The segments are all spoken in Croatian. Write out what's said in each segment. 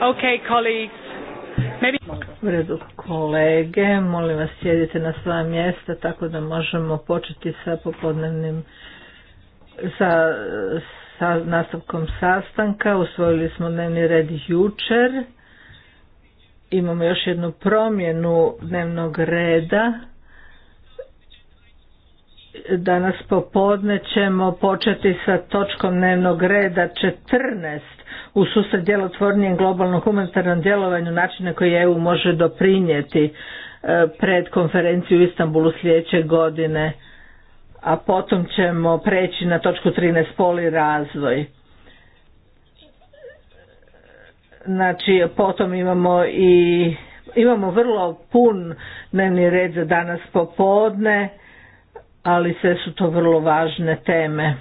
Okay, colleagues. Maybe... kolege, molim vas sjedite na svoja mjesta tako da možemo početi sa popodnevnim sa, sa nastavkom sastanka. Usvojili smo dnevni red jučer. Imamo još jednu promjenu dnevnog reda danas popodne ćemo početi sa točkom dnevnog reda 14 u susret djelotvornijem globalnom humanitarnom djelovanju na koji EU može doprinijeti e, pred konferenciju u Istanbulu sljedeće godine, a potom ćemo preći na točku 13 poli razvoj. Znači, potom imamo i imamo vrlo pun dnevni red za danas popodne ali sve su to vrlo važne teme.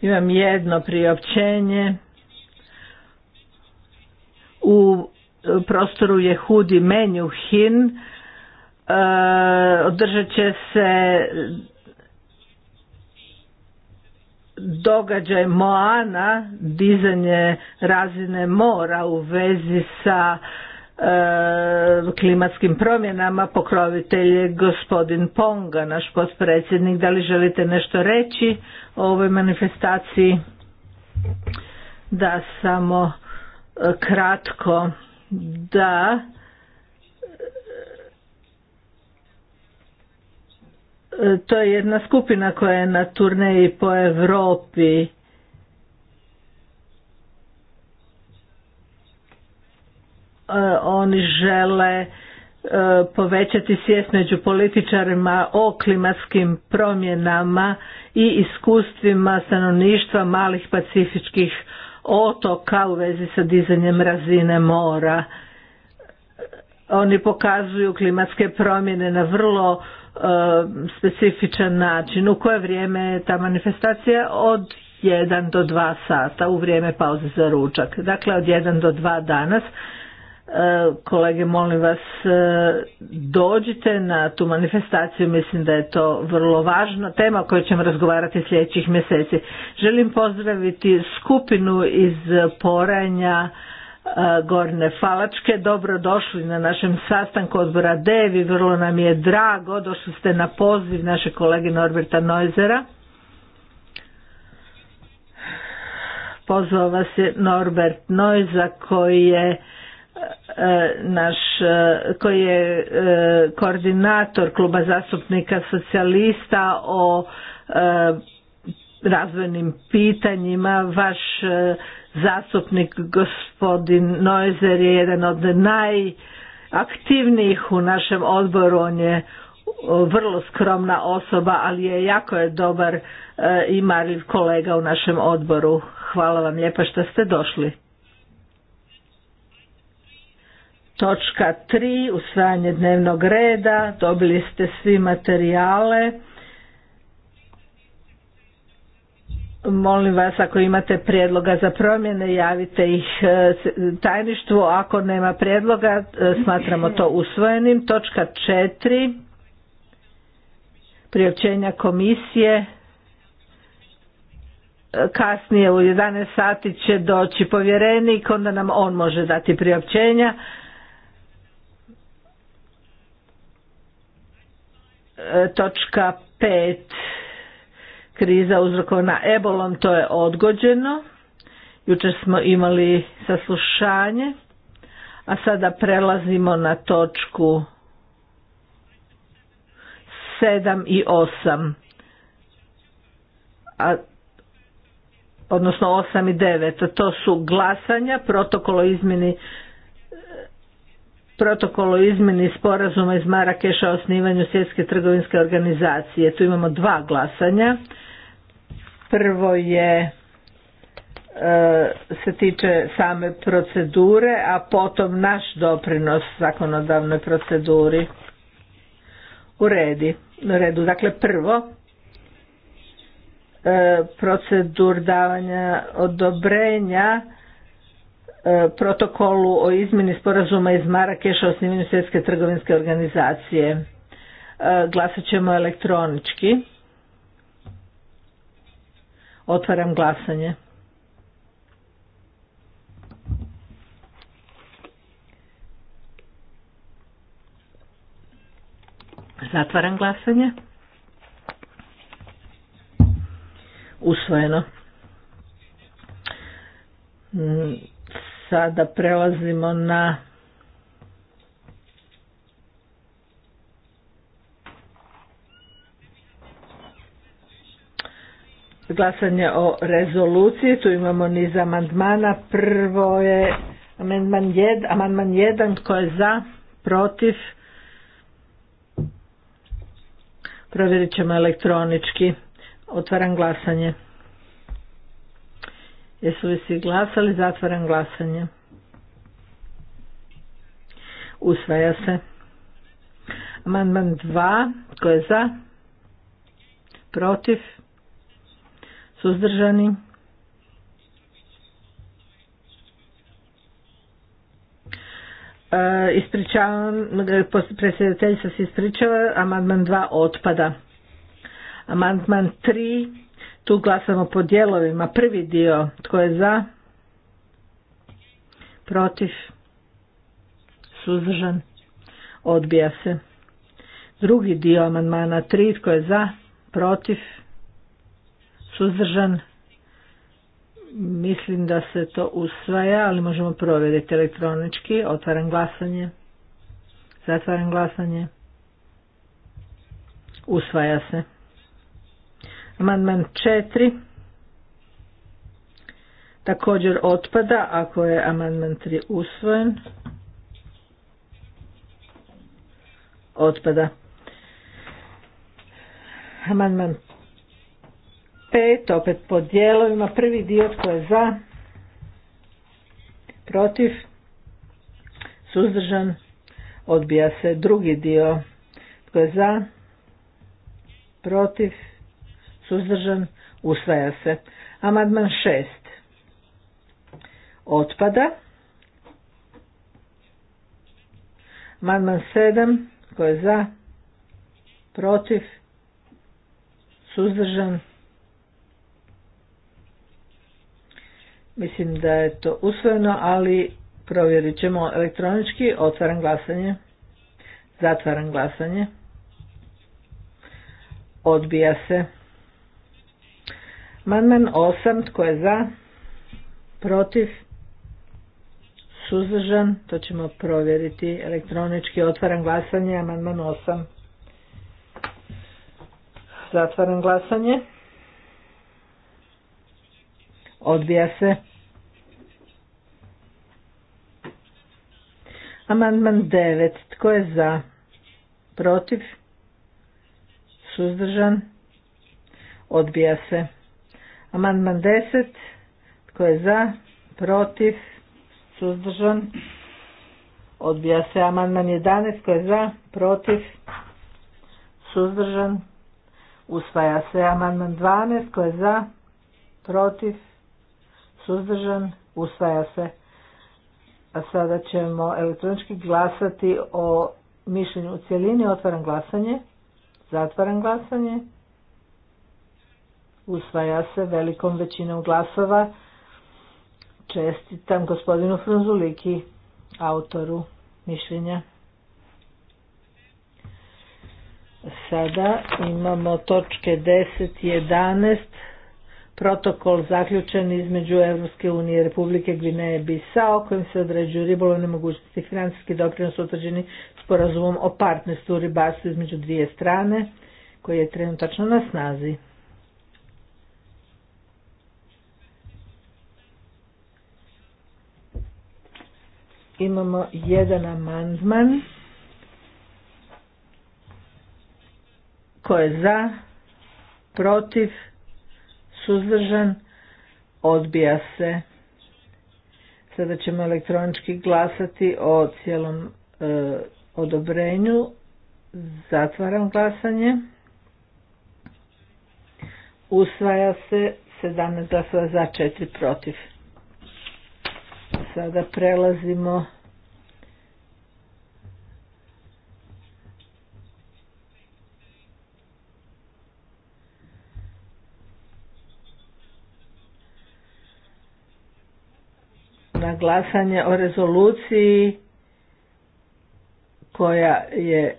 Imam jedno priopćenje. U prostoru Hudi Menjuhin e, održat će se događaj Moana, dizanje razine mora u vezi sa E, klimatskim promjenama pokrovitelj je gospodin Ponga, naš potpredsjednik. Da li želite nešto reći o ovoj manifestaciji? Da, samo e, kratko. Da. E, to je jedna skupina koja je na turneji po Europi E, oni žele e, povećati svijest među političarima o klimatskim promjenama i iskustvima stanovništva malih pacifičkih otoka u vezi sa dizanjem razine mora. Oni pokazuju klimatske promjene na vrlo e, specifičan način. U koje vrijeme je ta manifestacija? Od 1 do 2 sata u vrijeme pauze za ručak. Dakle, od 1 do 2 danas Kolege, molim vas, e, dođite na tu manifestaciju, mislim da je to vrlo važna tema o kojoj ćemo razgovarati sljedećih mjeseci. Želim pozdraviti skupinu iz Poranja, e, Gorne Falačke. Dobro na našem sastanku odbora Devi, vrlo nam je drago, došli ste na poziv naše kolege Norberta Noizera. Pozvao vas je Norbert Noiza koji je E, naš e, koji je e, koordinator kluba zastupnika socijalista o razvojnim pitanjima. Vaš zastupnik gospodin Noizer je jedan od najaktivnijih u našem odboru. On je vrlo skromna osoba, ali je jako je dobar i marljiv kolega u našem odboru. Hvala vam lijepa što ste došli. Točka 3. Usvajanje dnevnog reda. Dobili ste svi materijale. Molim vas ako imate prijedloga za promjene javite ih e, tajništvu, ako nema prijedloga e, smatramo to usvojenim. Točka 4. Priopćenja komisije. E, kasnije u 11 sati će doći povjerenik, onda nam on može dati priopćenja. točka 5 kriza uzrokovana ebolom, to je odgođeno. Jučer smo imali saslušanje, a sada prelazimo na točku 7 i 8. A, odnosno 8 i 9. To su glasanja, protokolo izmjeni protokol o izmjeni sporazuma iz Marakeša o osnivanju svjetske trgovinske organizacije. Tu imamo dva glasanja. Prvo je e, se tiče same procedure, a potom naš doprinos zakonodavnoj proceduri. U u redu. Dakle, prvo e, procedur davanja odobrenja E, protokolu o izmjeni sporazuma iz Marakeša o svjetske trgovinske organizacije. E, glasat ćemo elektronički. Otvaram glasanje. Zatvaram glasanje. Usvojeno. Mm, sada prelazimo na glasanje o rezoluciji. Tu imamo niz amandmana. Prvo je amandman 1, amandman koji je za, protiv. Provjerit ćemo elektronički. Otvaram glasanje. Jesu li svi glasali? Zatvaram glasanje. Usvaja se. Amandman 2. Ko je za? Protiv? Suzdržani? E, ispričavam, predsjedateljica se ispričava, amandman 2 otpada. Amandman tri tu glasamo po dijelovima. Prvi dio tko je za, protiv, suzdržan, odbija se. Drugi dio amandmana tri tko je za, protiv, suzdržan, mislim da se to usvaja, ali možemo provjeriti elektronički. Otvaram glasanje. Zatvaram glasanje. Usvaja se. Amandman četiri također otpada ako je amandman tri usvojen. Otpada. Amandman pet, opet po dijelovima. Prvi dio tko je za, protiv, suzdržan, odbija se. Drugi dio tko je za, protiv, suzdržan, usvaja se. Amandman šest otpada. Amandman 7 koji je za, protiv, suzdržan. Mislim da je to usvojeno, ali provjerit ćemo elektronički. Otvaram glasanje. Zatvaram glasanje. Odbija se. Amandman 8, tko je za? Protiv? Suzdržan? To ćemo provjeriti elektronički. Otvaram glasanje, amandman 8. Zatvaram glasanje. Odbija se. Amandman 9. Tko je za? Protiv? Suzdržan? Odbija se. Amandman 10. Tko je za? Protiv? Suzdržan? Odbija se amandman 11. Tko je za? Protiv? Suzdržan? Usvaja se amandman 12. Tko je za? Protiv? Suzdržan? Usvaja se. A sada ćemo elektronički glasati o mišljenju u cjelini. Otvaram glasanje. Zatvaram glasanje usvaja se velikom većinom glasova. Čestitam gospodinu Franzuliki, autoru mišljenja. Sada imamo točke 10 i 11, protokol zaključen između Europske unije i Republike Gvineje Bisao, kojim se određuju ribolovne mogućnosti i financijski doprinos utvrđeni sporazumom o partnerstvu u ribarstvu između dvije strane, koji je trenutačno na snazi. imamo jedan amandman ko je za, protiv, suzdržan, odbija se. Sada ćemo elektronički glasati o cijelom e, odobrenju. Zatvaram glasanje. Usvaja se 17 glasova za 4 protiv. Sada prelazimo na glasanje o rezoluciji koja je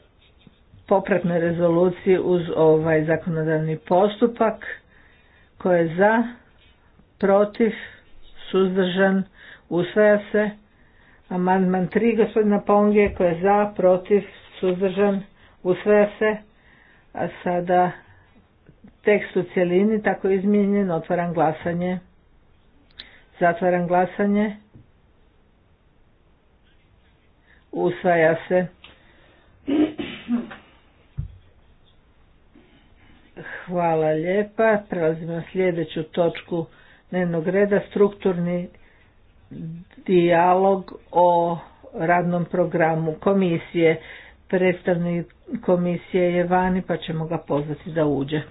popratna rezoluciji uz ovaj zakonodavni postupak koja je za, protiv, suzdržan, Usvaja se. Amandman 3 gospodina Ponge koji je za, protiv, suzdržan. Usvaja se. A sada tekst u cjelini tako izmijenjen. Otvaram glasanje. Zatvaram glasanje. Usvaja se. Hvala lijepa. Prelazimo na sljedeću točku dnevnog reda. Strukturni dijalog o radnom programu komisije. Predstavnik komisije je vani pa ćemo ga pozvati da uđe.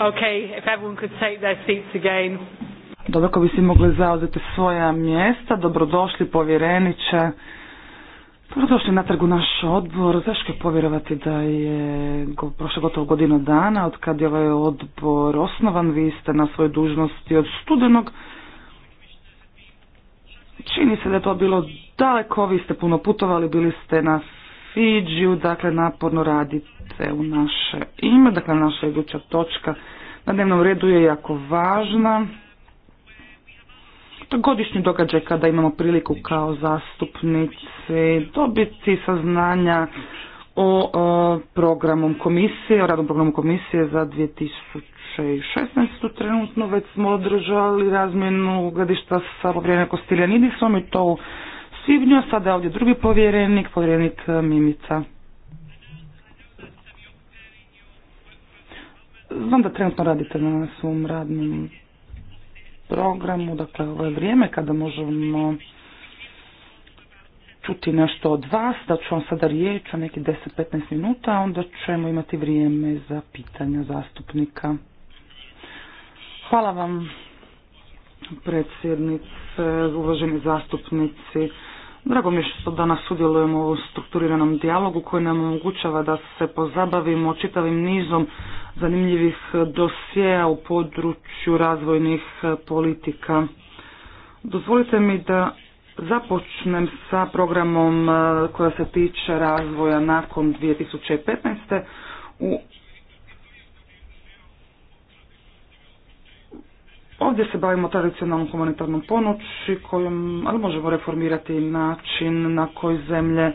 Okay, if everyone could take their seats again. Dobro, ako bi svi mogli zauzeti svoja mjesta, dobrodošli povjereniče. Dobrodošli na trgu naš odbor. Zašto je povjerovati da je prošlo gotovo godinu dana od kad je ovaj odbor osnovan? Vi ste na svojoj dužnosti od studenog. Čini se da je to bilo daleko. Vi ste puno putovali, bili ste na Fidžiju, dakle naporno radite se u naše ime. Dakle, naša iduća točka na dnevnom redu je jako važna. To godišnji događaj kada imamo priliku kao zastupnici dobiti saznanja o, o programom komisije, o radnom programu komisije za 2016. Trenutno već smo održali razmjenu gledišta sa povjerenikom Kostiljanidisom i to u svibnju. Sada je ovdje drugi povjerenik, povjerenik Mimica. Znam da trenutno radite na svom radnom programu, dakle ovo je vrijeme kada možemo čuti nešto od vas, da ću vam sada riječ o neki 10-15 minuta, onda ćemo imati vrijeme za pitanja zastupnika. Hvala vam predsjednice, uvaženi zastupnici. Drago mi je što danas sudjelujemo u strukturiranom dijalogu koji nam omogućava da se pozabavimo čitavim nizom zanimljivih dosjeja u području razvojnih e, politika. Dozvolite mi da započnem sa programom e, koja se tiče razvoja nakon 2015. U Ovdje se bavimo tradicionalnom humanitarnom pomoći kojom, ali možemo reformirati način na koji zemlje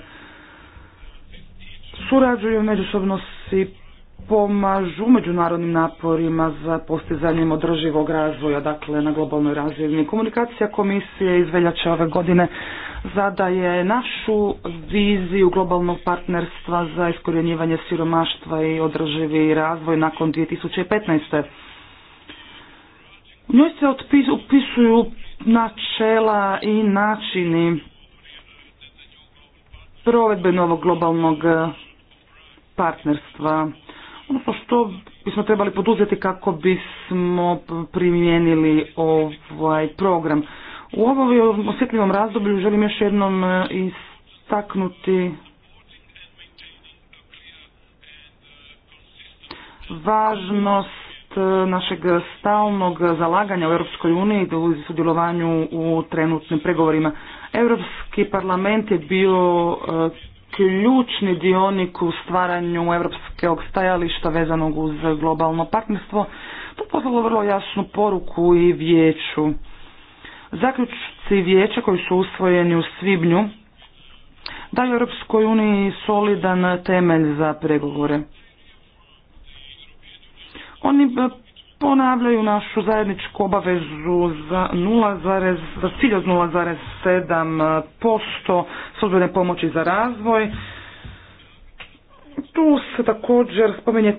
surađuju međusobno si pomažu međunarodnim naporima za postizanjem održivog razvoja, dakle na globalnoj razini. Komunikacija komisije iz veljače ove godine zadaje našu viziju globalnog partnerstva za iskorjenjivanje siromaštva i održivi razvoj nakon 2015. U njoj se opisuju načela i načini provedbe novog globalnog partnerstva. Ono što bismo trebali poduzeti kako bismo primijenili ovaj program. U ovom osjetljivom razdoblju želim još jednom e, istaknuti važnost e, našeg stalnog zalaganja u Europskoj uniji u sudjelovanju u trenutnim pregovorima. Europski parlament je bio e, ključni dionik u stvaranju europskog stajališta vezanog uz globalno partnerstvo, to poslalo vrlo jasnu poruku i vijeću. Zaključci vijeća koji su usvojeni u svibnju daju Europskoj uniji solidan temelj za pregovore. Oni ponavljaju našu zajedničku obavezu za, 0, za cilj od 0,7% eh, službene pomoći za razvoj. Tu se također spominje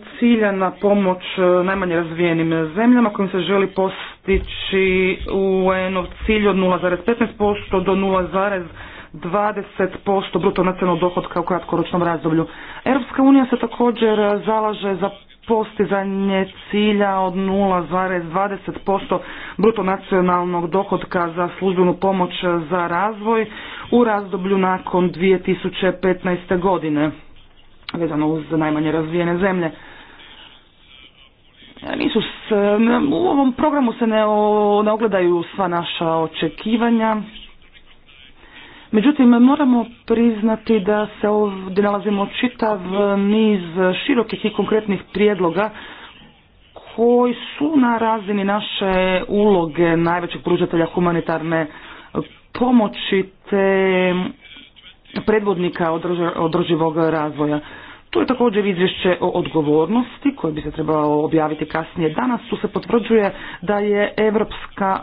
na pomoć eh, najmanje razvijenim zemljama kojim se želi postići UN-ov cilj od 0,15% do 0,20% bruto nacionalnog dohodka u kratkoročnom razdoblju. Europska unija se također zalaže za postizanje cilja od 0,20% bruto nacionalnog dohodka za službenu pomoć za razvoj u razdoblju nakon 2015. godine vezano uz najmanje razvijene zemlje. E, nisu u ovom programu se ne, ne ogledaju sva naša očekivanja. Međutim, moramo priznati da se ovdje nalazimo čitav niz širokih i konkretnih prijedloga koji su na razini naše uloge najvećeg pružatelja humanitarne pomoći te predvodnika održivog razvoja. Tu je također izvješće o odgovornosti koje bi se trebalo objaviti kasnije. Danas tu se potvrđuje da je Evropska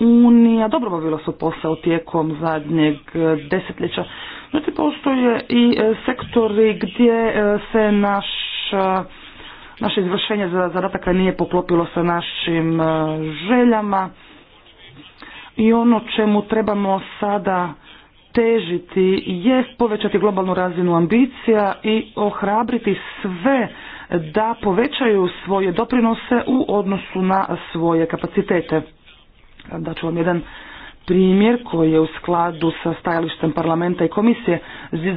unija dobro obavila su posao tijekom zadnjeg desetljeća. Znači, postoje i e, sektori gdje e, se naš, naše izvršenje za zadataka nije poklopilo sa našim e, željama i ono čemu trebamo sada težiti je povećati globalnu razinu ambicija i ohrabriti sve da povećaju svoje doprinose u odnosu na svoje kapacitete. Da ću vam jedan primjer koji je u skladu sa stajalištem parlamenta i komisije.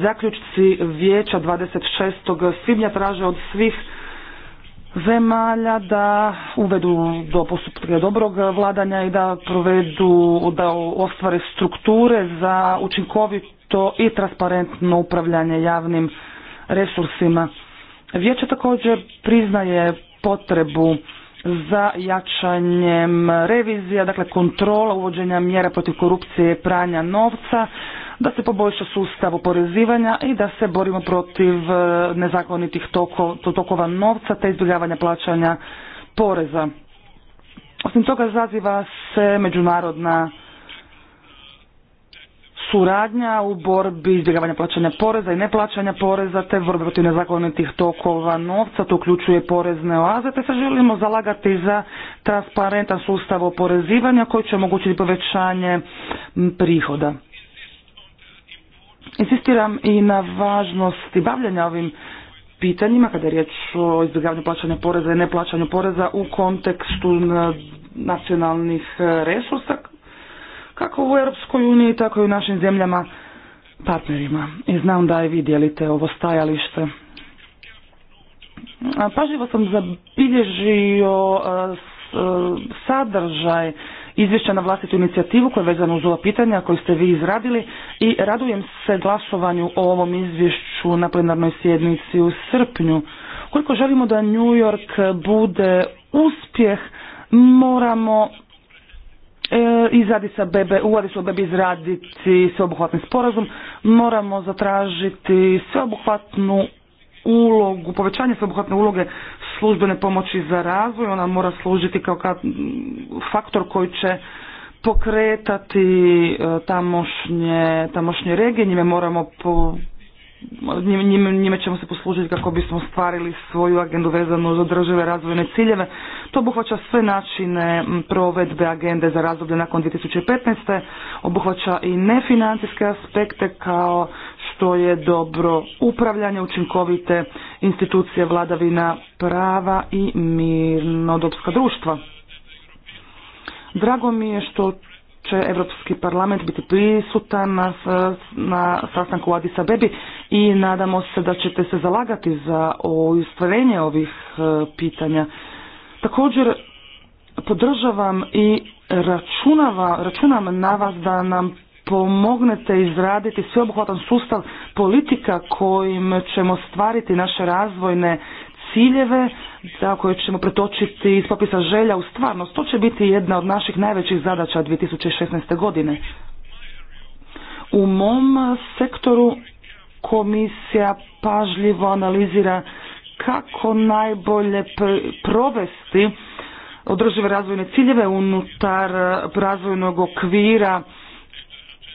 Zaključci vijeća 26. svibnja traže od svih zemalja da uvedu do postupka dobrog vladanja i da provedu, da ostvare strukture za učinkovito i transparentno upravljanje javnim resursima. Vijeće također priznaje potrebu za jačanjem revizija, dakle kontrola uvođenja mjera protiv korupcije i pranja novca, da se poboljša sustav oporezivanja i da se borimo protiv e, nezakonitih toko, tokova novca te izbjegavanja plaćanja poreza. Osim toga zaziva se međunarodna suradnja u borbi izbjegavanja plaćanja poreza i neplaćanja poreza te borbe protiv nezakonitih tokova novca, to uključuje porezne oaze, te se želimo zalagati za transparentan sustav oporezivanja koji će omogućiti povećanje prihoda. Insistiram i na važnosti bavljanja ovim pitanjima kada je riječ o izbjegavanju plaćanja poreza i neplaćanju poreza u kontekstu nacionalnih e, resursa kako u Europskoj uniji, tako i u našim zemljama partnerima. I znam da je vi dijelite ovo stajalište. Pažljivo sam zabilježio sadržaj izvješća na vlastitu inicijativu koja je vezana uz ova pitanja koju ste vi izradili i radujem se glasovanju o ovom izvješću na plenarnoj sjednici u srpnju. Koliko želimo da New York bude uspjeh, moramo E, iz sa Bebe, u Adisu Bebe izraditi sveobuhvatni sporazum, moramo zatražiti sveobuhvatnu ulogu, povećanje sveobuhvatne uloge službene pomoći za razvoj, ona mora služiti kao faktor koji će pokretati e, tamošnje, tamošnje regije, njime moramo po, njime, ćemo se poslužiti kako bismo stvarili svoju agendu vezanu za održive razvojne ciljeve. To obuhvaća sve načine provedbe agende za razdoblje nakon 2015. Obuhvaća i nefinancijske aspekte kao što je dobro upravljanje učinkovite institucije vladavina prava i mirnodopska društva. Drago mi je što će Europski parlament biti prisutan na, na sastanku Adisa Bebi i nadamo se da ćete se zalagati za ustvarenje ovih e, pitanja. Također podržavam i računava, računam na vas da nam pomognete izraditi sveobuhvatan sustav politika kojim ćemo stvariti naše razvojne ciljeve za koje ćemo pretočiti iz popisa želja u stvarnost. To će biti jedna od naših najvećih zadaća 2016. godine. U mom sektoru komisija pažljivo analizira kako najbolje provesti održive razvojne ciljeve unutar razvojnog okvira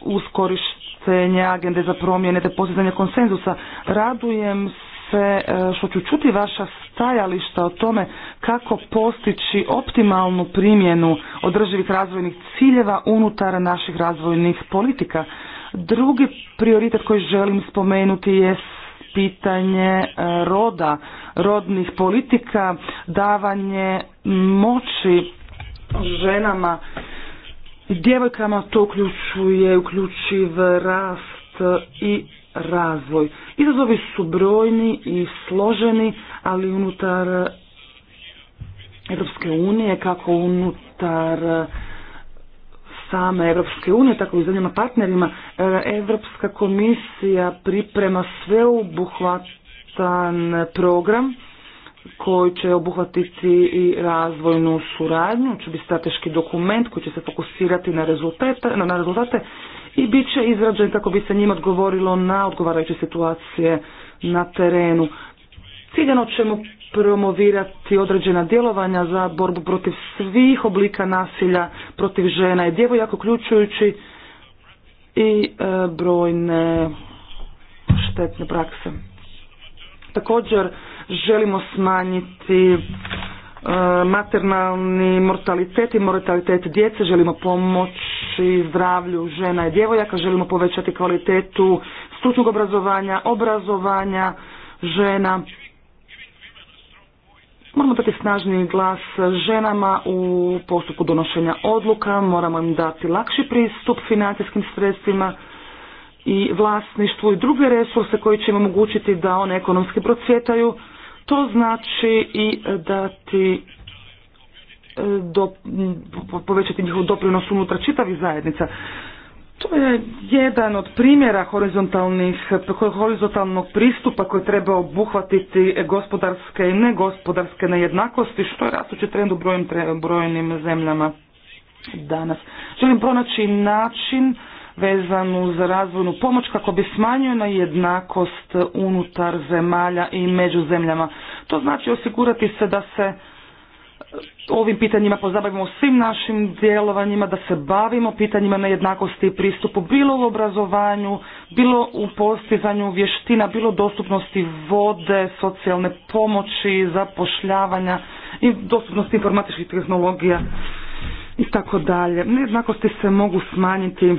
uz korištenje agende za promjene te postizanje konsenzusa. Radujem se, e, što ću čuti vaša stajališta o tome kako postići optimalnu primjenu održivih razvojnih ciljeva unutar naših razvojnih politika. Drugi prioritet koji želim spomenuti je pitanje e, roda, rodnih politika, davanje moći ženama i djevojkama, to uključuje uključiv rast i razvoj. Izazovi su brojni i složeni, ali unutar Europske unije, kako unutar e, same Europske unije, tako i zemljama partnerima, Europska komisija priprema sveobuhvatan program koji će obuhvatiti i razvojnu suradnju, će biti strateški dokument koji će se fokusirati na rezultate, na rezultate i bit će izrađen kako bi se njima odgovorilo na odgovarajuće situacije na terenu. Ciljeno ćemo promovirati određena djelovanja za borbu protiv svih oblika nasilja protiv žena i djevojaka uključujući i e, brojne štetne prakse. Također želimo smanjiti E, maternalni mortalitet i mortalitet djece, želimo pomoći zdravlju žena i djevojaka, želimo povećati kvalitetu stručnog obrazovanja, obrazovanja žena. Moramo dati snažni glas ženama u postupku donošenja odluka, moramo im dati lakši pristup financijskim sredstvima i vlasništvu i druge resurse koji će im omogućiti da one ekonomski procvjetaju. To znači i dati e, do, povećati njihov doprinos unutar čitavih zajednica. To je jedan od primjera horizontalnih, horizontalnog pristupa koji treba obuhvatiti gospodarske i negospodarske nejednakosti, što je rastući trend u brojnim, zemljama danas. Želim pronaći način vezanu za razvojnu pomoć kako bi smanjio na jednakost unutar zemalja i među zemljama. To znači osigurati se da se e, ovim pitanjima pozabavimo svim našim djelovanjima, da se bavimo pitanjima nejednakosti i pristupu, bilo u obrazovanju, bilo u postizanju vještina, bilo dostupnosti vode, socijalne pomoći, zapošljavanja i dostupnosti informatičkih tehnologija i tako dalje. Nejednakosti se mogu smanjiti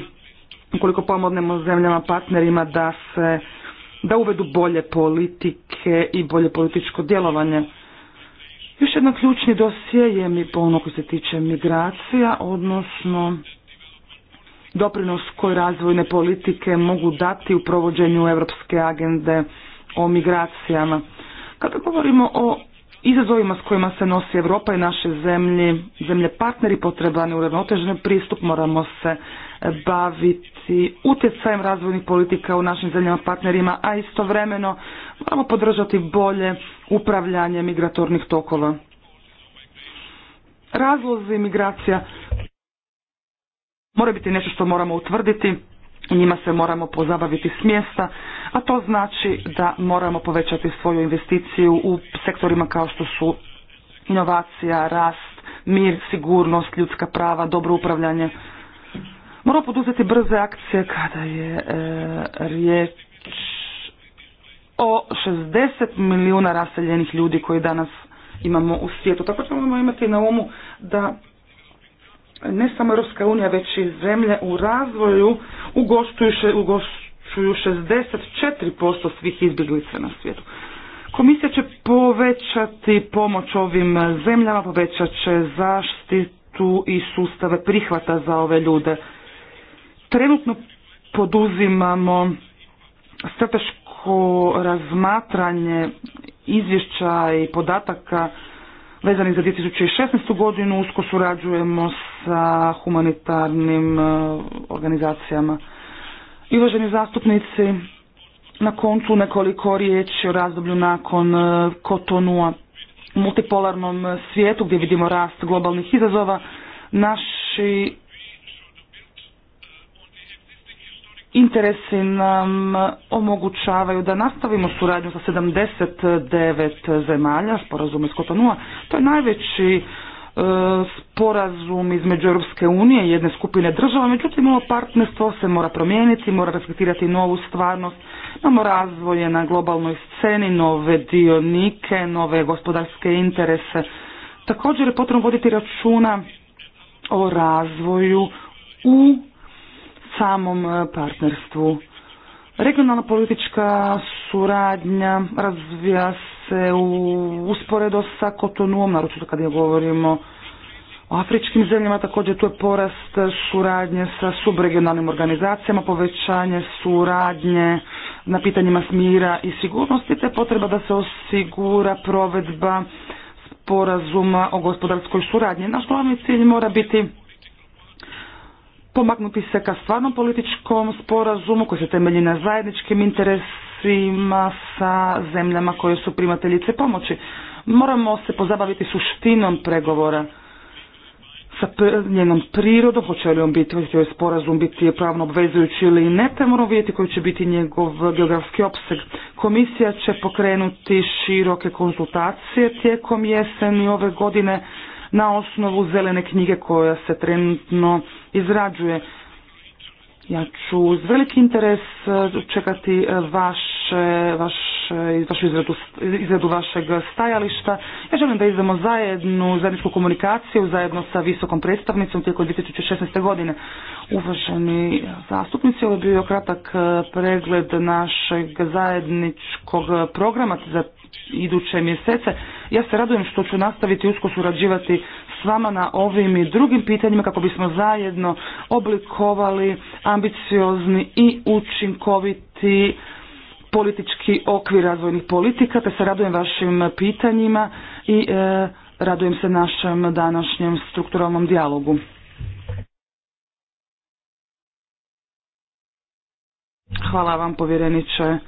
ukoliko pomognemo zemljama partnerima da se da uvedu bolje politike i bolje političko djelovanje. Još jedan ključni dosije je mi ono koji se tiče migracija, odnosno doprinos koje razvojne politike mogu dati u provođenju Europske agende o migracijama. Kada govorimo o izazovima s kojima se nosi Europa i naše zemlje, zemlje partneri potrebani u uravnotežen pristup, moramo se e, baviti utjecajem razvojnih politika u našim zemljama partnerima, a istovremeno moramo podržati bolje upravljanje migratornih tokova. Razlozi migracija moraju biti nešto što moramo utvrditi, njima se moramo pozabaviti s mjesta, a to znači da moramo povećati svoju investiciju u sektorima kao što su inovacija, rast, mir, sigurnost, ljudska prava, dobro upravljanje. Moramo poduzeti brze akcije kada je e, riječ o 60 milijuna raseljenih ljudi koji danas imamo u svijetu. Tako ćemo imati na umu da ne samo Europska unija, već i zemlje u razvoju ugoštuju, ugoštuju Čuju 64% svih izbjeglica na svijetu. Komisija će povećati pomoć ovim zemljama, povećat će zaštitu i sustave prihvata za ove ljude. Trenutno poduzimamo strateško razmatranje izvješća i podataka vezanih za 2016. godinu. Usko surađujemo sa humanitarnim eh, organizacijama. I uvaženi zastupnici, na koncu nekoliko riječi o razdoblju nakon Kotonua e, u multipolarnom svijetu gdje vidimo rast globalnih izazova. Naši interesi nam omogućavaju da nastavimo suradnju sa 79 zemalja, sporazum iz Kotonua. To je najveći sporazum između Europske unije i jedne skupine država, međutim ovo partnerstvo se mora promijeniti, mora respektirati novu stvarnost, imamo razvoje na globalnoj sceni, nove dionike, nove gospodarske interese. Također je potrebno voditi računa o razvoju u samom e, partnerstvu. Regionalna politička suradnja razvija se u usporedo sa Kotonuom, naročito kad je govorimo o afričkim zemljama, također tu je porast suradnje sa subregionalnim organizacijama, povećanje suradnje na pitanjima smira i sigurnosti, te potreba da se osigura provedba sporazuma o gospodarskoj suradnji. Naš glavni cilj mora biti pomaknuti se ka stvarnom političkom sporazumu koji se temelji na zajedničkim interesima sa zemljama koje su primateljice pomoći. Moramo se pozabaviti suštinom pregovora sa njenom prirodom, hoće li on biti, hoće sporazum biti pravno obvezujući ili ne, te moramo vidjeti koji će biti njegov geografski opseg. Komisija će pokrenuti široke konzultacije tijekom jeseni ove godine na osnovu zelene knjige koja se trenutno izrađuje. Ja ću s veliki interes eh, čekati eh, vaš vaše, vaše, vašu izradu, izradu vašeg stajališta. Ja želim da izdamo zajednu zajedničku komunikaciju zajedno sa visokom predstavnicom tijekom 2016. godine. Uvaženi zastupnici, ovo je bio kratak eh, pregled našeg zajedničkog programa za iduće mjesece. Ja se radujem što ću nastaviti usko surađivati s vama na ovim i drugim pitanjima kako bismo zajedno oblikovali ambiciozni i učinkoviti politički okvir razvojnih politika, te se radujem vašim pitanjima i e, radujem se našem današnjem strukturalnom dijalogu. Hvala vam povjereniče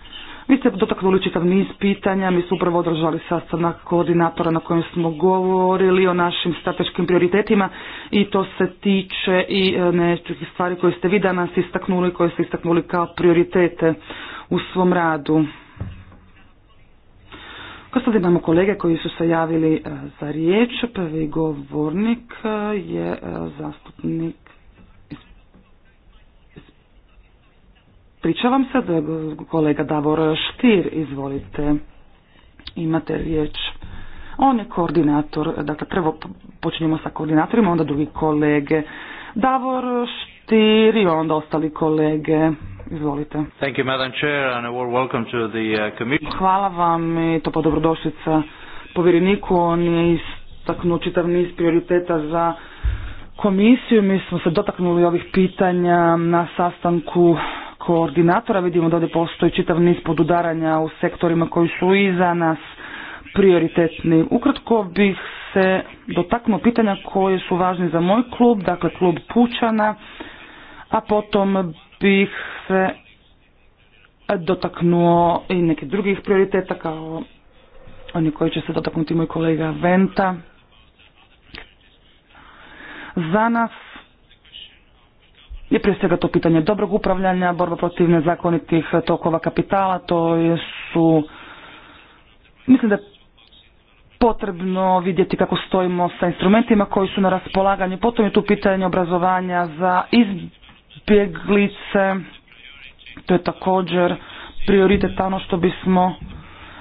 vi ste dotaknuli čitav niz pitanja, mi smo upravo održali sastanak koordinatora na kojem smo govorili o našim strateškim prioritetima i to se tiče i e, nečih stvari koje ste vi danas istaknuli, koje ste istaknuli kao prioritete u svom radu. Sada imamo kolege koji su se javili e, za riječ. Prvi govornik e, je zastupnik Pričavam se da kolega Davor Štir, izvolite, imate riječ. On je koordinator, dakle prvo počinjemo sa koordinatorima, onda drugi kolege. Davor Štir i onda ostali kolege. Izvolite. Hvala vam i to po pa dobrodošlica povjereniku. On je istaknuo čitav niz prioriteta za komisiju. Mi smo se dotaknuli ovih pitanja na sastanku koordinatora. Vidimo da ovdje postoji čitav niz podudaranja u sektorima koji su za nas prioritetni. Ukratko bih se dotaknuo pitanja koje su važni za moj klub, dakle klub Pučana, a potom bih se dotaknuo i nekih drugih prioriteta kao oni koji će se dotaknuti moj kolega Venta. Za nas je prije svega to pitanje dobrog upravljanja, borba protiv nezakonitih eh, tokova kapitala, to su, mislim da je potrebno vidjeti kako stojimo sa instrumentima koji su na raspolaganju, potom je tu pitanje obrazovanja za izbjeglice, to je također prioritet ono što bismo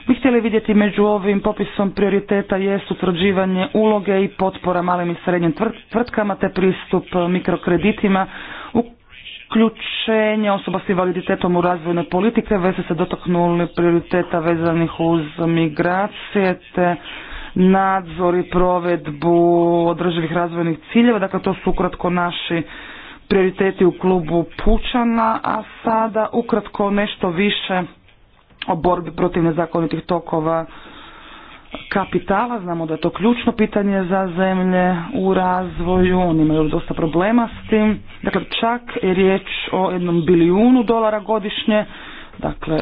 bi htjeli vidjeti među ovim popisom prioriteta jest utvrđivanje uloge i potpora malim i srednjim tvrtkama te pristup mikrokreditima, uključenje osoba s invaliditetom u razvojne politike, već se dotaknuli prioriteta vezanih uz migracije te nadzor i provedbu održivih razvojnih ciljeva, dakle to su ukratko naši prioriteti u klubu Pučana, a sada ukratko nešto više o borbi protiv nezakonitih tokova kapitala. Znamo da je to ključno pitanje za zemlje u razvoju. Oni imaju dosta problema s tim. Dakle, čak je riječ o jednom bilijunu dolara godišnje. Dakle,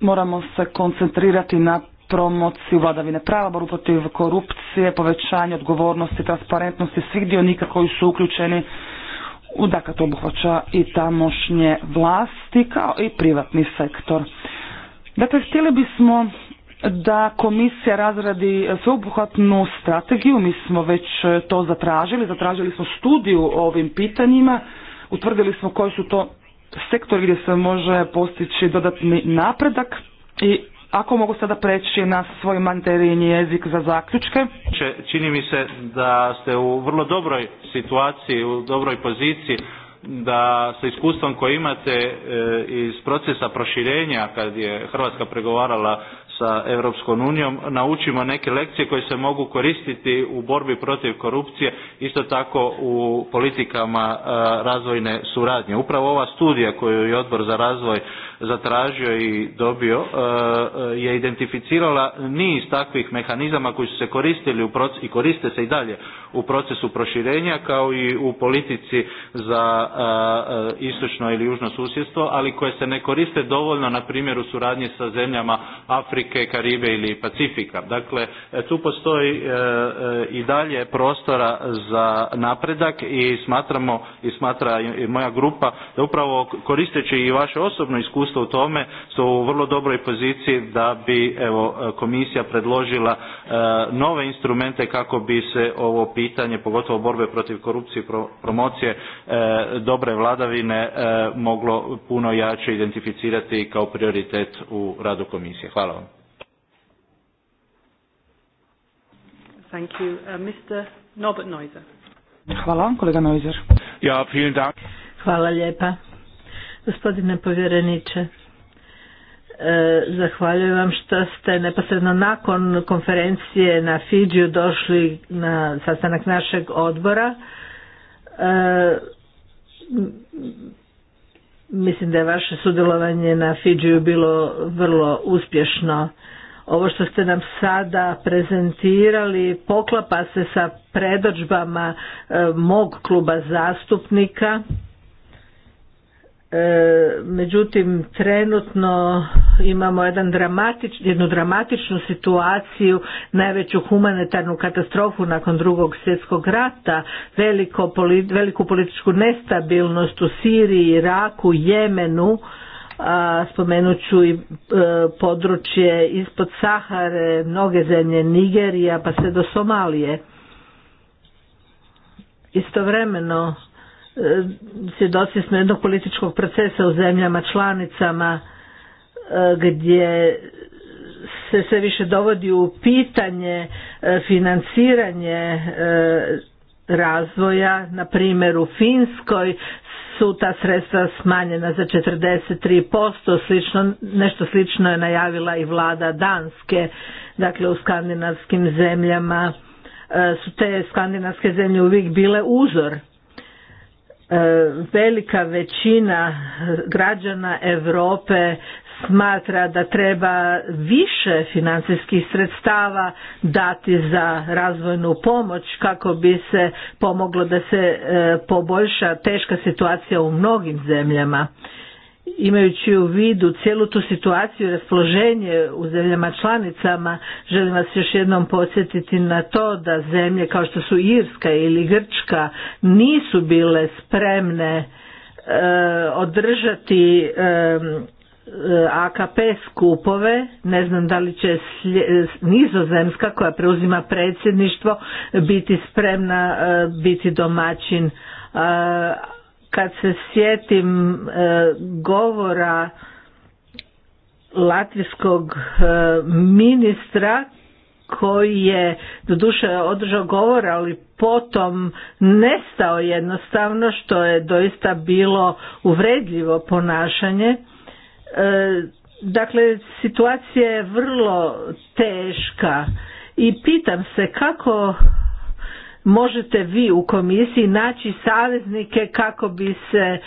moramo se koncentrirati na promociju vladavine prava, boru protiv korupcije, povećanje odgovornosti, transparentnosti svih dionika koji su uključeni Dakle, to obuhvaća i tamošnje vlasti kao i privatni sektor. Dakle, htjeli bismo da komisija razradi sveobuhvatnu strategiju, mi smo već to zatražili, zatražili smo studiju o ovim pitanjima, utvrdili smo koji su to sektori gdje se može postići dodatni napredak i ako mogu sada preći na svoj manterijni jezik za zaključke. Čini mi se da ste u vrlo dobroj situaciji, u dobroj poziciji da sa iskustvom koje imate e, iz procesa proširenja kad je Hrvatska pregovarala sa Europskom unijom naučimo neke lekcije koje se mogu koristiti u borbi protiv korupcije, isto tako u politikama e, razvojne suradnje. Upravo ova studija koju je Odbor za razvoj zatražio i dobio e, e, je identificirala niz takvih mehanizama koji su se koristili u i koriste se i dalje u procesu proširenja kao i u politici za istočno ili južno susjedstvo, ali koje se ne koriste dovoljno na primjer u suradnji sa zemljama Afrike Amerike, Karibe ili Pacifika. Dakle, tu postoji e, e, i dalje prostora za napredak i smatramo i smatra i moja grupa da upravo koristeći i vaše osobno iskustvo u tome su u vrlo dobroj poziciji da bi evo komisija predložila e, nove instrumente kako bi se ovo pitanje pogotovo borbe protiv korupcije promocije dobre vladavine moglo puno jače identificirati kao prioritet u radu komisije. Hvala vam. Thank you. Uh, Mr. Norbert Hvala vam, kolega Neuser. Ja, Hvala lijepa. Gospodine povjereniče, e, zahvaljujem vam što ste neposredno nakon konferencije na Fidžiju došli na sastanak našeg odbora. E, mislim da je vaše sudjelovanje na Fidžiju bilo vrlo uspješno ovo što ste nam sada prezentirali poklapa se sa predođbama e, mog kluba zastupnika. E, međutim, trenutno imamo jedan dramatič, jednu dramatičnu situaciju, najveću humanitarnu katastrofu nakon drugog svjetskog rata, veliko, veliku političku nestabilnost u Siriji, Iraku, Jemenu, a spomenut ću i e, područje ispod Sahare, mnoge zemlje Nigerija pa sve do Somalije. Istovremeno e, svjedoci smo jednog političkog procesa u zemljama članicama e, gdje se sve više dovodi u pitanje financiranje razvoja, na primjer u Finskoj su ta sredstva smanjena za 43%, slično, nešto slično je najavila i vlada Danske, dakle u skandinavskim zemljama e, su te skandinavske zemlje uvijek bile uzor. E, velika većina građana Europe smatra da treba više financijskih sredstava dati za razvojnu pomoć kako bi se pomoglo da se e, poboljša teška situacija u mnogim zemljama imajući u vidu cijelu tu situaciju i raspoloženje u zemljama članicama, želim vas još jednom podsjetiti na to da zemlje kao što su Irska ili Grčka nisu bile spremne e, održati e, AKP skupove, ne znam da li će Nizozemska koja preuzima predsjedništvo biti spremna e, biti domaćin. E, kad se sjetim e, govora latvijskog ministra koji je doduše održao govor, ali potom nestao jednostavno što je doista bilo uvredljivo ponašanje E, dakle, situacija je vrlo teška i pitam se kako možete vi u komisiji naći saveznike kako bi se e,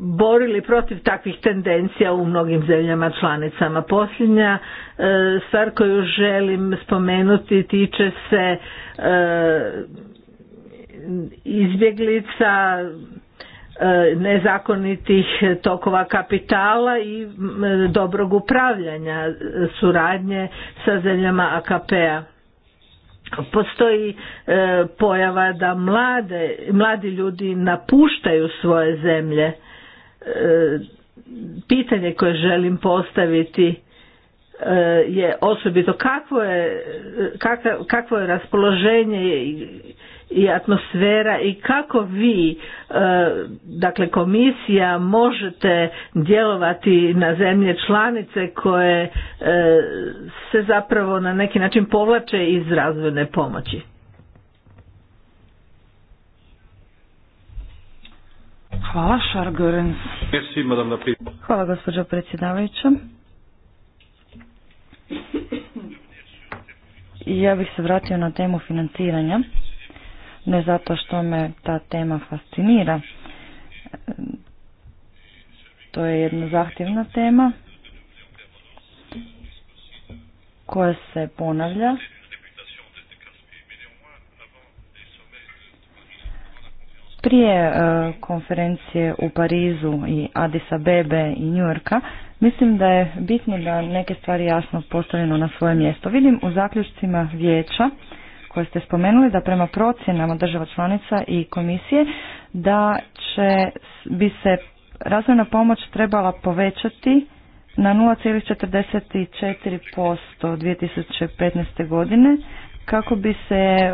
borili protiv takvih tendencija u mnogim zemljama članicama. Posljednja e, stvar koju želim spomenuti tiče se izbjeglica E, nezakonitih tokova kapitala i dobrog upravljanja e, suradnje sa zemljama AKP-a. Postoji e, pojava da mlade, mladi ljudi napuštaju svoje zemlje. Pitanje koje želim postaviti je osobito kakvo je, kakvo je raspoloženje i i atmosfera i kako vi e, dakle komisija možete djelovati na zemlje članice koje e, se zapravo na neki način povlače iz razvojne pomoći Hvala, Šar Hvala, gospođo predsjedavajuća. Ja bih se vratio na temu financiranja ne zato što me ta tema fascinira. To je jedna zahtjevna tema koja se ponavlja. Prije e, konferencije u Parizu i Addis Abebe i Yorka, Mislim da je bitno da neke stvari jasno postavljeno na svoje mjesto. Vidim u zaključcima vijeća koje ste spomenuli da prema procjenama država članica i komisije da će bi se razvojna pomoć trebala povećati na 0,44% 2015. godine kako bi se e,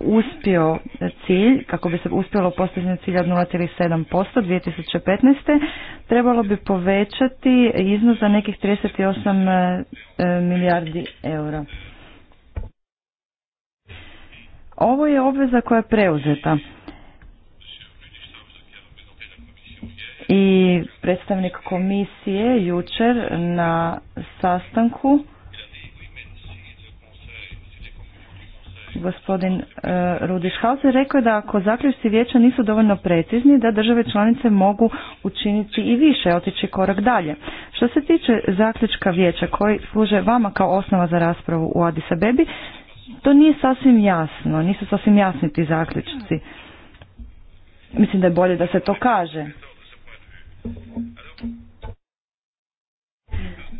uspio cilj, kako bi se uspjelo postizanje cilja od 0,7% 2015. trebalo bi povećati iznos za nekih 38 e, milijardi eura. Ovo je obveza koja je preuzeta. I predstavnik komisije jučer na sastanku gospodin e, Hauser, rekao je da ako zaključci vijeća nisu dovoljno precizni da države članice mogu učiniti i više, otići korak dalje. Što se tiče zaključka vijeća koji služe vama kao osnova za raspravu u Adisa Abebi, to nije sasvim jasno, nisu sasvim jasni ti zaključci. Mislim da je bolje da se to kaže.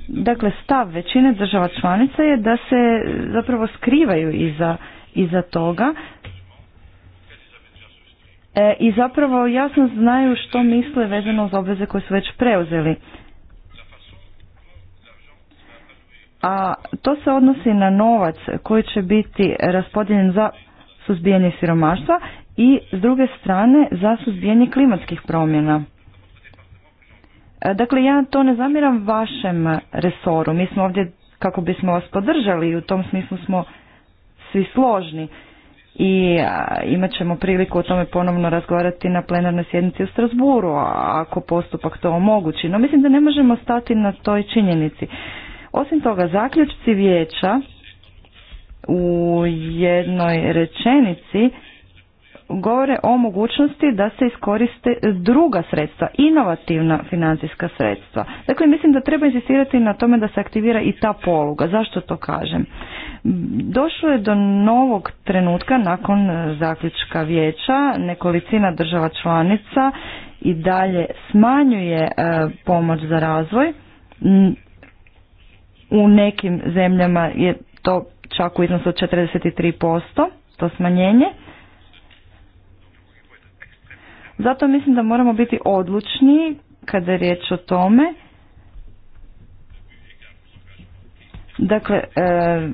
Dakle, stav većine država članica je da se zapravo skrivaju iza, iza toga e, i zapravo jasno znaju što misle vezano uz obveze koje su već preuzeli. a to se odnosi na novac koji će biti raspodijeljen za suzbijanje siromaštva i s druge strane za suzbijanje klimatskih promjena. E, dakle, ja to ne zamiram vašem resoru. Mi smo ovdje kako bismo vas podržali i u tom smislu smo svi složni i e, imat ćemo priliku o tome ponovno razgovarati na plenarnoj sjednici u Strasburu, ako postupak to omogući. No mislim da ne možemo stati na toj činjenici. Osim toga, zaključci vijeća u jednoj rečenici govore o mogućnosti da se iskoriste druga sredstva, inovativna financijska sredstva. Dakle, mislim da treba insistirati na tome da se aktivira i ta poluga. Zašto to kažem? Došlo je do novog trenutka nakon e, zaključka vijeća, nekolicina država članica i dalje smanjuje e, pomoć za razvoj u nekim zemljama je to čak u iznosu od 43%, to smanjenje. Zato mislim da moramo biti odlučni kada je riječ o tome. Dakle, e,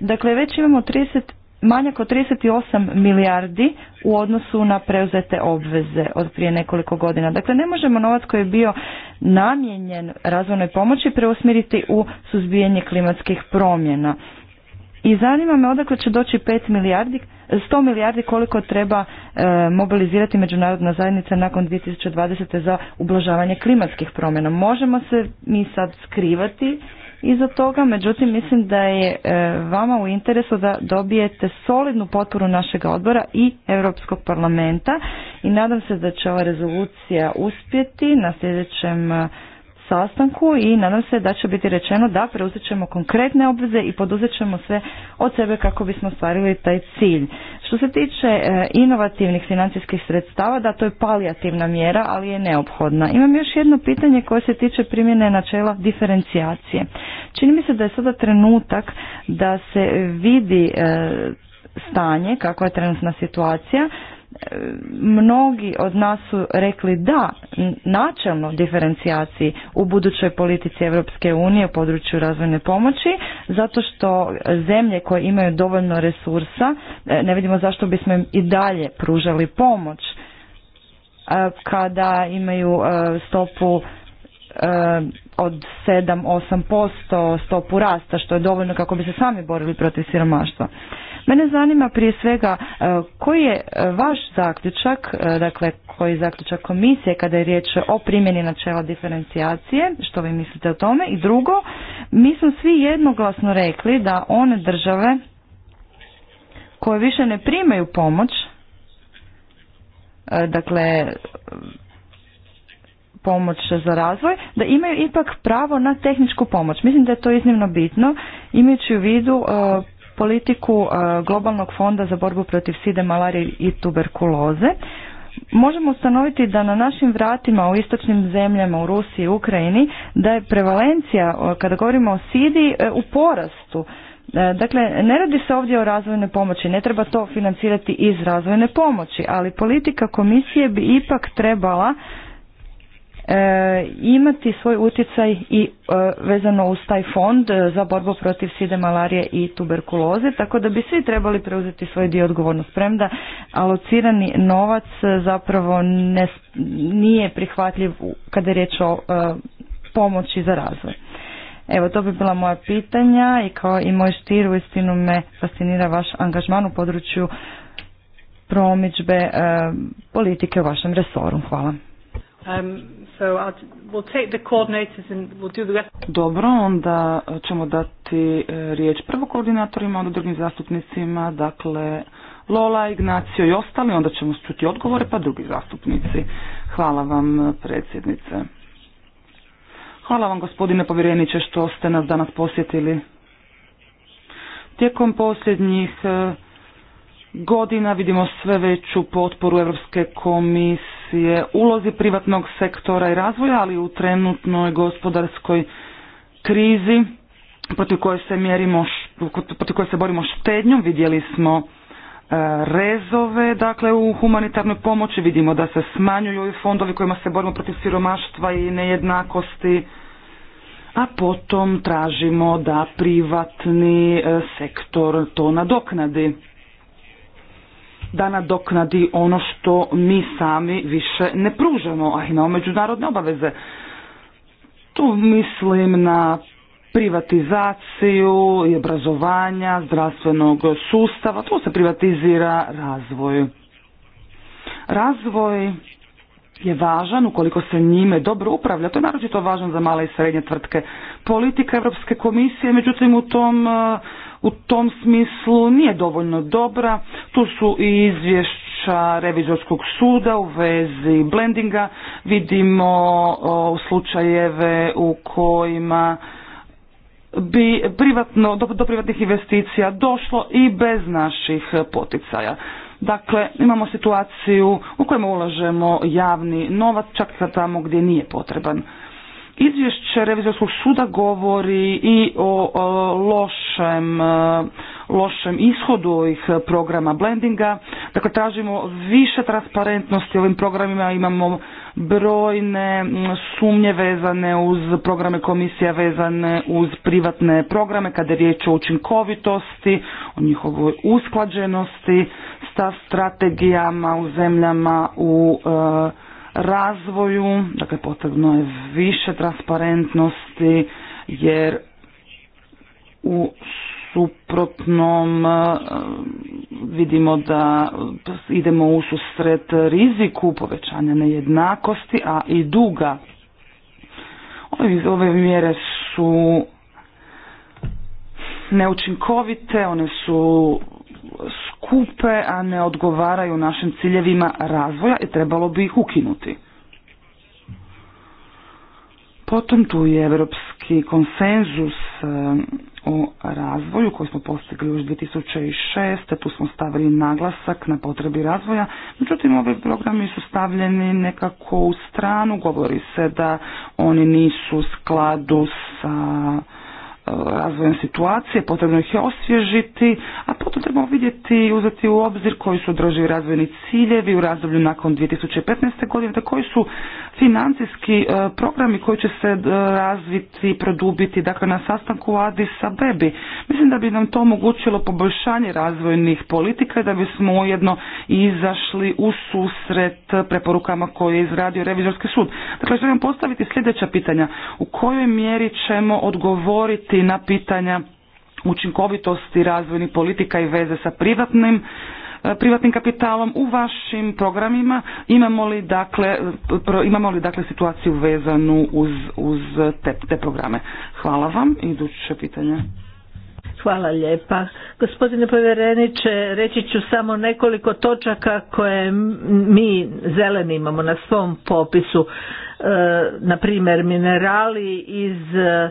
dakle već imamo 30 manjak od 38 milijardi u odnosu na preuzete obveze od prije nekoliko godina. Dakle, ne možemo novac koji je bio namijenjen razvojnoj pomoći preusmjeriti u suzbijanje klimatskih promjena. I zanima me odakle će doći 5 milijardi, 100 milijardi koliko treba e, mobilizirati međunarodna zajednica nakon 2020. za ublažavanje klimatskih promjena. Možemo se mi sad skrivati iza toga, međutim mislim da je e, vama u interesu da dobijete solidnu potporu našeg odbora i Europskog parlamenta i nadam se da će ova rezolucija uspjeti na sljedećem e, sastanku i nadam se da će biti rečeno da preuzet ćemo konkretne obveze i poduzet ćemo sve od sebe kako bismo ostvarili taj cilj. Što se tiče e, inovativnih financijskih sredstava, da to je palijativna mjera, ali je neophodna. Imam još jedno pitanje koje se tiče primjene načela diferencijacije. Čini mi se da je sada trenutak da se vidi e, stanje, kakva je trenutna situacija, mnogi od nas su rekli da načelno diferencijaciji u budućoj politici Europske unije u području razvojne pomoći zato što zemlje koje imaju dovoljno resursa e, ne vidimo zašto bismo im i dalje pružali pomoć e, kada imaju e, stopu od 7-8% stopu rasta što je dovoljno kako bi se sami borili protiv siromaštva. Mene zanima prije svega e, koji je e, vaš zaključak, e, dakle koji je zaključak komisije kada je riječ o primjeni načela diferencijacije, što vi mislite o tome? I drugo, mi smo svi jednoglasno rekli da one države koje više ne primaju pomoć, dakle pomoć za razvoj, da imaju ipak pravo na tehničku pomoć. Mislim da je to iznimno bitno, imajući u vidu politiku e, globalnog fonda za borbu protiv side, malarije i tuberkuloze možemo ustanoviti da na našim vratima u istočnim zemljama u Rusiji i Ukrajini da je prevalencija e, kada govorimo o sidi e, u porastu. Dakle, ne radi se ovdje o razvojnoj pomoći, ne treba to financirati iz razvojne pomoći, ali politika komisije bi ipak trebala E, imati svoj utjecaj i e, vezano uz taj fond e, za borbu protiv side, malarije i tuberkuloze, tako da bi svi trebali preuzeti svoj dio odgovornost. Premda alocirani novac zapravo ne, nije prihvatljiv kada je riječ o pomoći za razvoj. Evo, to bi bila moja pitanja i kao i moj štir u istinu me fascinira vaš angažman u području promičbe politike u vašem resoru. Hvala. Um, we'll take Dobro, onda ćemo dati e, riječ prvo koordinatorima, onda drugim zastupnicima, dakle Lola, Ignacio i ostali, onda ćemo čuti odgovore pa drugi zastupnici. Hvala vam predsjednice. Hvala vam gospodine povjereniče što ste nas danas posjetili. Tijekom posljednjih e, godina vidimo sve veću potporu Europske komisije ulozi privatnog sektora i razvoja, ali u trenutnoj gospodarskoj krizi protiv koje se mjerimo, protiv koje se borimo štednjom, vidjeli smo e, rezove, dakle u humanitarnoj pomoći vidimo da se smanjuju i fondovi kojima se borimo protiv siromaštva i nejednakosti, a potom tražimo da privatni e, sektor to nadoknadi da nadoknadi ono što mi sami više ne pružamo, a i na međunarodne obaveze. Tu mislim na privatizaciju i obrazovanja, zdravstvenog sustava, tu se privatizira razvoj. Razvoj je važan ukoliko se njime dobro upravlja. To je naročito važan za male i srednje tvrtke. Politika Europske komisije, međutim, u tom u tom smislu nije dovoljno dobra. Tu su i izvješća revizorskog suda u vezi blendinga. Vidimo slučajeve u kojima bi privatno, do, privatnih investicija došlo i bez naših poticaja. Dakle, imamo situaciju u kojem ulažemo javni novac čak tamo gdje nije potreban. Izvješće revizorskog suda govori i o, lošem, e, lošem ishodu ovih programa blendinga. Dakle, tražimo više transparentnosti ovim programima. Imamo brojne sumnje vezane uz programe komisija, vezane uz privatne programe kada je riječ o učinkovitosti, o njihovoj usklađenosti sa strategijama u zemljama u e, razvoju, dakle potrebno je više transparentnosti jer u suprotnom e, vidimo da idemo u susret riziku povećanja nejednakosti, a i duga. Ove, ove mjere su neučinkovite, one su skupe, a ne odgovaraju našim ciljevima razvoja i trebalo bi ih ukinuti. Potom tu je evropski konsenzus eh, o razvoju koji smo postigli još 2006. Tu smo stavili naglasak na potrebi razvoja. Međutim, ovi programi su stavljeni nekako u stranu. Govori se da oni nisu u skladu sa razvojem situacije, potrebno ih je osvježiti, a potom trebamo vidjeti i uzeti u obzir koji su održivi razvojni ciljevi u razdoblju nakon 2015. godine, te koji su financijski e, programi koji će se e, razviti, produbiti, dakle na sastanku Adi sa Bebi. Mislim da bi nam to omogućilo poboljšanje razvojnih politika i da bismo ujedno izašli u susret preporukama koje je izradio revizorski sud. Dakle, želim postaviti sljedeća pitanja. U kojoj mjeri ćemo odgovoriti na pitanja učinkovitosti razvojnih politika i veze sa privatnim e, privatnim kapitalom u vašim programima imamo li dakle imamo li dakle situaciju vezanu uz, uz te, te programe hvala vam iduće pitanje Hvala lijepa. Gospodine povjereniče, reći ću samo nekoliko točaka koje mi zeleni imamo na svom popisu. Eh, na primjer minerali iz eh,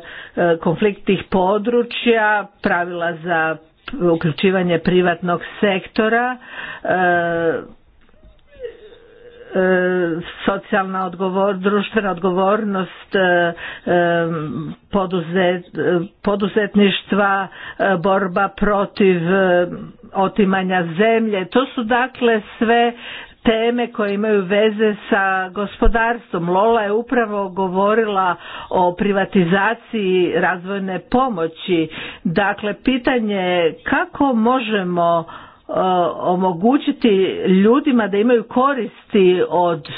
konfliktnih područja, pravila za uključivanje privatnog sektora, eh, socijalna odgovor, društvena odgovornost poduzetništva, borba protiv otimanja zemlje. To su dakle sve teme koje imaju veze sa gospodarstvom. Lola je upravo govorila o privatizaciji razvojne pomoći. Dakle, pitanje je kako možemo E, omogućiti ljudima da imaju koristi od e,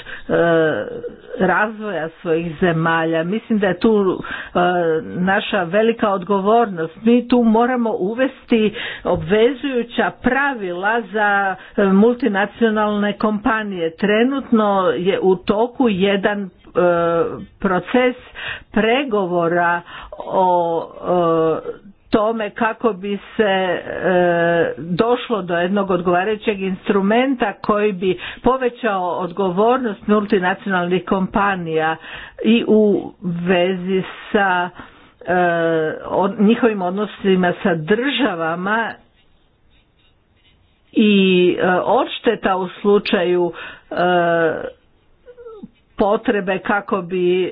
razvoja svojih zemalja. Mislim da je tu e, naša velika odgovornost. Mi tu moramo uvesti obvezujuća pravila za multinacionalne kompanije. Trenutno je u toku jedan proces pregovora o tome kako bi se e, došlo do jednog odgovarajućeg instrumenta koji bi povećao odgovornost multinacionalnih kompanija i u vezi sa e, njihovim odnosima sa državama i e, odšteta u slučaju potrebe kako bi e,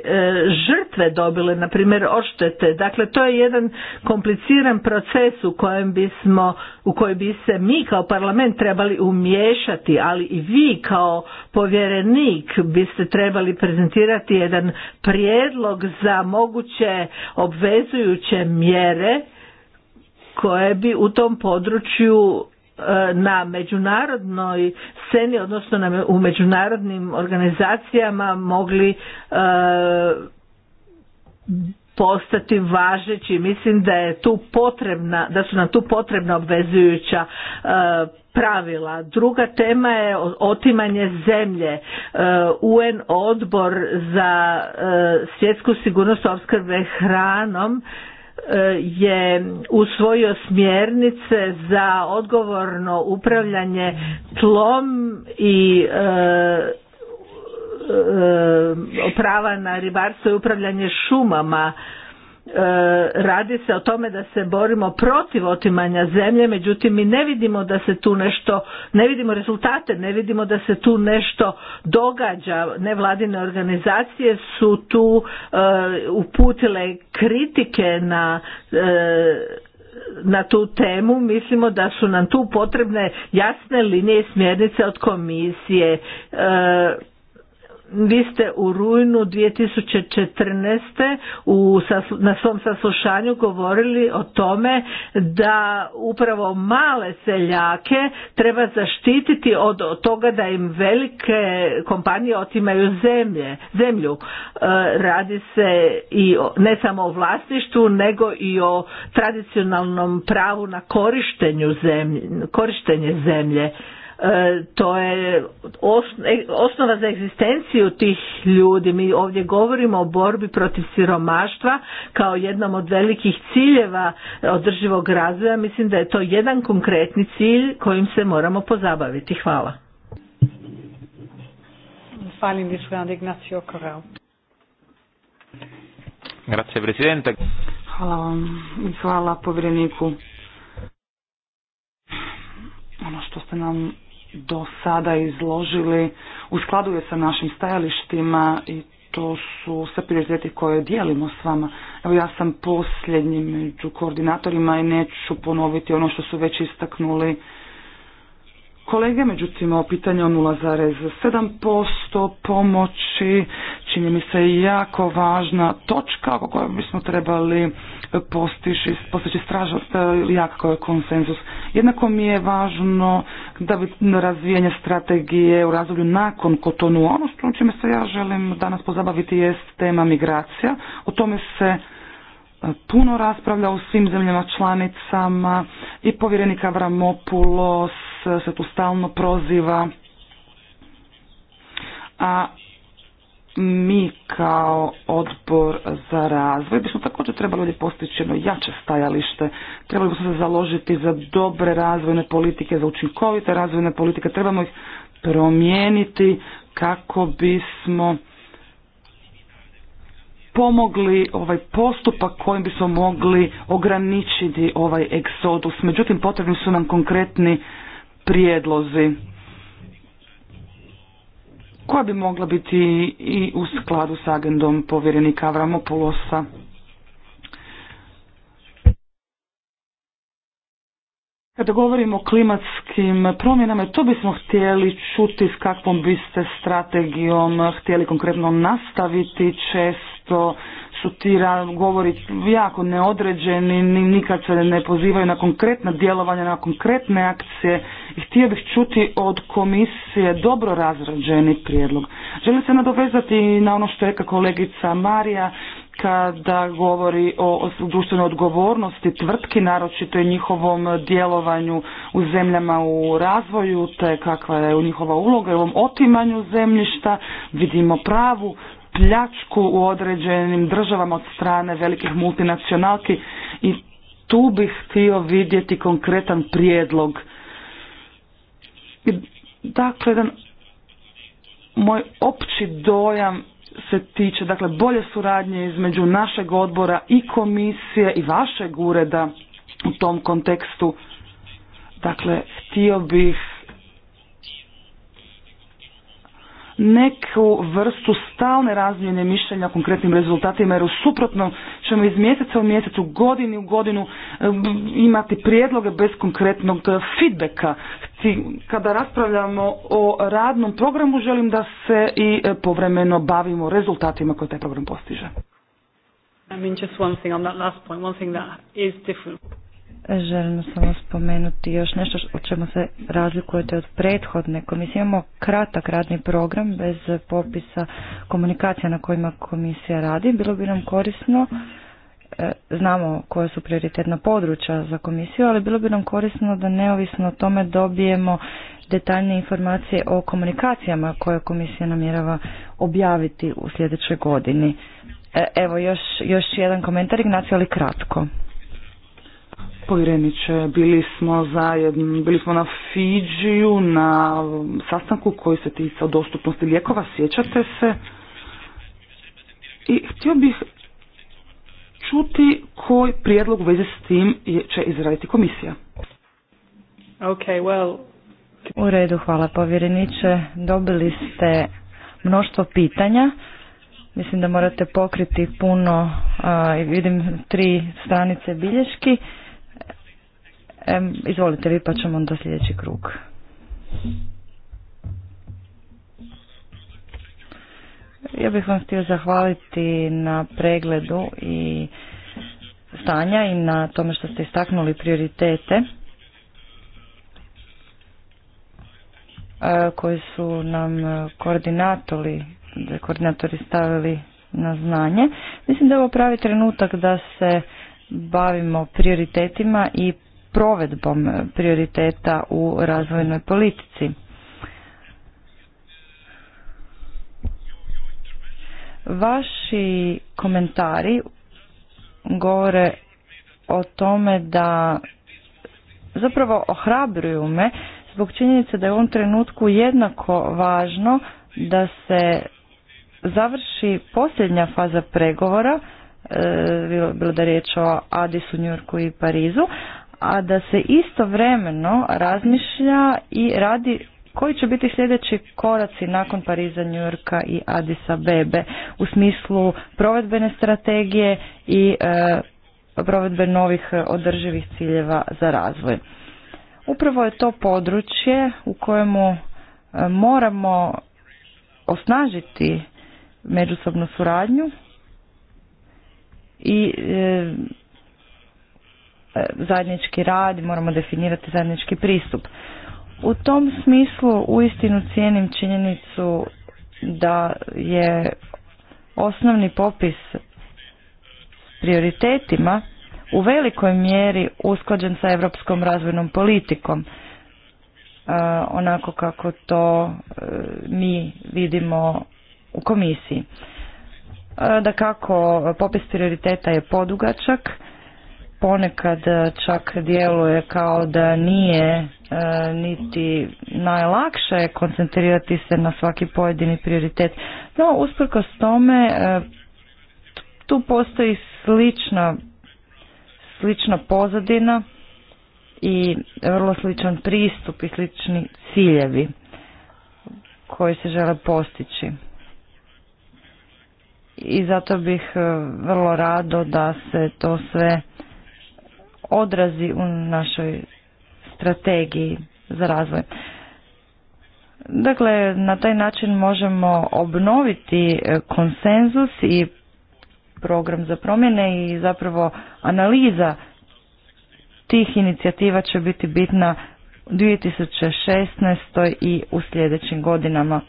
žrtve dobile na primjer odštete dakle to je jedan kompliciran proces u kojem bismo u kojem bi se mi kao parlament trebali umiješati ali i vi kao povjerenik biste trebali prezentirati jedan prijedlog za moguće obvezujuće mjere koje bi u tom području na međunarodnoj sceni, odnosno u međunarodnim organizacijama mogli e, postati važeći. Mislim da je tu potrebna, da su nam tu potrebna obvezujuća e, pravila. Druga tema je otimanje zemlje. E, UN odbor za svjetsku sigurnost opskrbe hranom je usvojio smjernice za odgovorno upravljanje tlom i e, e, prava na ribarstvo i upravljanje šumama E, radi se o tome da se borimo protiv otimanja zemlje, međutim mi ne vidimo da se tu nešto, ne vidimo rezultate, ne vidimo da se tu nešto događa. Nevladine organizacije su tu e, uputile kritike na e, na tu temu mislimo da su nam tu potrebne jasne linije i smjernice od komisije vi ste u rujnu 2014. U, na svom saslušanju govorili o tome da upravo male seljake treba zaštititi od toga da im velike kompanije otimaju zemlje, zemlju. E, radi se i o, ne samo o vlasništvu nego i o tradicionalnom pravu na korištenju zemlje, korištenje zemlje E, to je e, osnova za egzistenciju tih ljudi. Mi ovdje govorimo o borbi protiv siromaštva kao jednom od velikih ciljeva održivog razvoja. Mislim da je to jedan konkretni cilj kojim se moramo pozabaviti. Hvala. Hvala vam i hvala povjereniku ono što ste nam do sada izložili u skladu je sa našim stajalištima i to su sve prioriteti koje dijelimo s vama. Evo ja sam posljednji među koordinatorima i neću ponoviti ono što su već istaknuli kolege, međutim o pitanju 0,7% pomoći čini mi se jako važna točka oko kojoj bismo trebali postići, postići ili jako je konsenzus. Jednako mi je važno da bi razvijenje strategije u razvoju nakon Kotonu, ono što čime se ja želim danas pozabaviti jest tema migracija, o tome se e, puno raspravlja u svim zemljama članicama i povjerenika vramopulos E, se tu stalno proziva, a mi kao odbor za razvoj bismo također trebali ovdje postići jedno jače stajalište. Trebali bismo se založiti za dobre razvojne politike, za učinkovite razvojne politike. Trebamo ih promijeniti kako bismo pomogli ovaj postupak kojim bismo mogli ograničiti ovaj egzodus. Međutim, potrebni su nam konkretni prijedlozi koja bi mogla biti i u skladu s agendom povjerenika Avramopulosa. Kada govorimo o klimatskim promjenama, to bismo htjeli čuti s kakvom biste strategijom htjeli konkretno nastaviti čest što su ti govori jako neodređeni, nikad se ne pozivaju na konkretna djelovanja, na konkretne akcije i htio bih čuti od komisije dobro razrađeni prijedlog. Želim se nadovezati na ono što je kolegica Marija kada govori o društvenoj odgovornosti tvrtki, naročito i njihovom djelovanju u zemljama u razvoju, te kakva je njihova uloga u ovom otimanju zemljišta, vidimo pravu pljačku u određenim državama od strane velikih multinacionalki i tu bih htio vidjeti konkretan prijedlog. Dakle, jedan moj opći dojam se tiče dakle bolje suradnje između našeg odbora i komisije i vašeg ureda u tom kontekstu. Dakle, htio bih neku vrstu stalne razmjene mišljenja o konkretnim rezultatima jer u suprotnom ćemo iz mjeseca u mjesecu, godini u godinu eh, imati prijedloge bez konkretnog eh, feedbacka. Kada raspravljamo o radnom programu želim da se i eh, povremeno bavimo rezultatima koje taj program postiže. I mean, just one on that last point, one thing that is different. Želim samo spomenuti još nešto o čemu se razlikujete od prethodne komisije. Imamo kratak radni program bez popisa komunikacija na kojima komisija radi. Bilo bi nam korisno, e, znamo koja su prioritetna područja za komisiju, ali bilo bi nam korisno da neovisno o tome dobijemo detaljne informacije o komunikacijama koje komisija namjerava objaviti u sljedećoj godini. E, evo još, još jedan komentar, Ignacio, ali kratko. Povjereniče, bili smo zajedno, bili smo na Fidžiju, na sastanku koji se ticao dostupnosti lijekova, sjećate se. I htio bih čuti koji prijedlog u vezi s tim će izraditi komisija. Okay, well. U redu, hvala povjereniče. Dobili ste mnoštvo pitanja. Mislim da morate pokriti puno, vidim tri stranice bilješki. Izvolite vi pa ćemo onda sljedeći krug. Ja bih vam htio zahvaliti na pregledu i stanja i na tome što ste istaknuli prioritete e, koji su nam koordinatori, koordinatori stavili na znanje. Mislim da je ovo pravi trenutak da se bavimo prioritetima i provedbom prioriteta u razvojnoj politici. Vaši komentari govore o tome da zapravo ohrabruju me zbog činjenice da je u ovom trenutku jednako važno da se završi posljednja faza pregovora, e, bilo da je riječ o Adisu, Njurku i Parizu, a da se istovremeno razmišlja i radi koji će biti sljedeći koraci nakon Pariza, Njurka i Adisa Bebe u smislu provedbene strategije i e, provedbe novih održivih ciljeva za razvoj. Upravo je to područje u kojemu e, moramo osnažiti međusobnu suradnju i e, E, zajednički rad i moramo definirati zajednički pristup. U tom smislu uistinu cijenim činjenicu da je osnovni popis prioritetima u velikoj mjeri usklađen sa europskom razvojnom politikom e, onako kako to e, mi vidimo u komisiji. Da kako popis prioriteta je podugačak, ponekad e, čak djeluje kao da nije e, niti najlakše koncentrirati se na svaki pojedini prioritet. No, usprkos tome, e, tu postoji slična, slična pozadina i vrlo sličan pristup i slični ciljevi koji se žele postići. I zato bih vrlo rado da se to sve odrazi u našoj strategiji za razvoj. Dakle, na taj način možemo obnoviti e, konsenzus i program za promjene i zapravo analiza tih inicijativa će biti bitna u 2016. i u sljedećim godinama.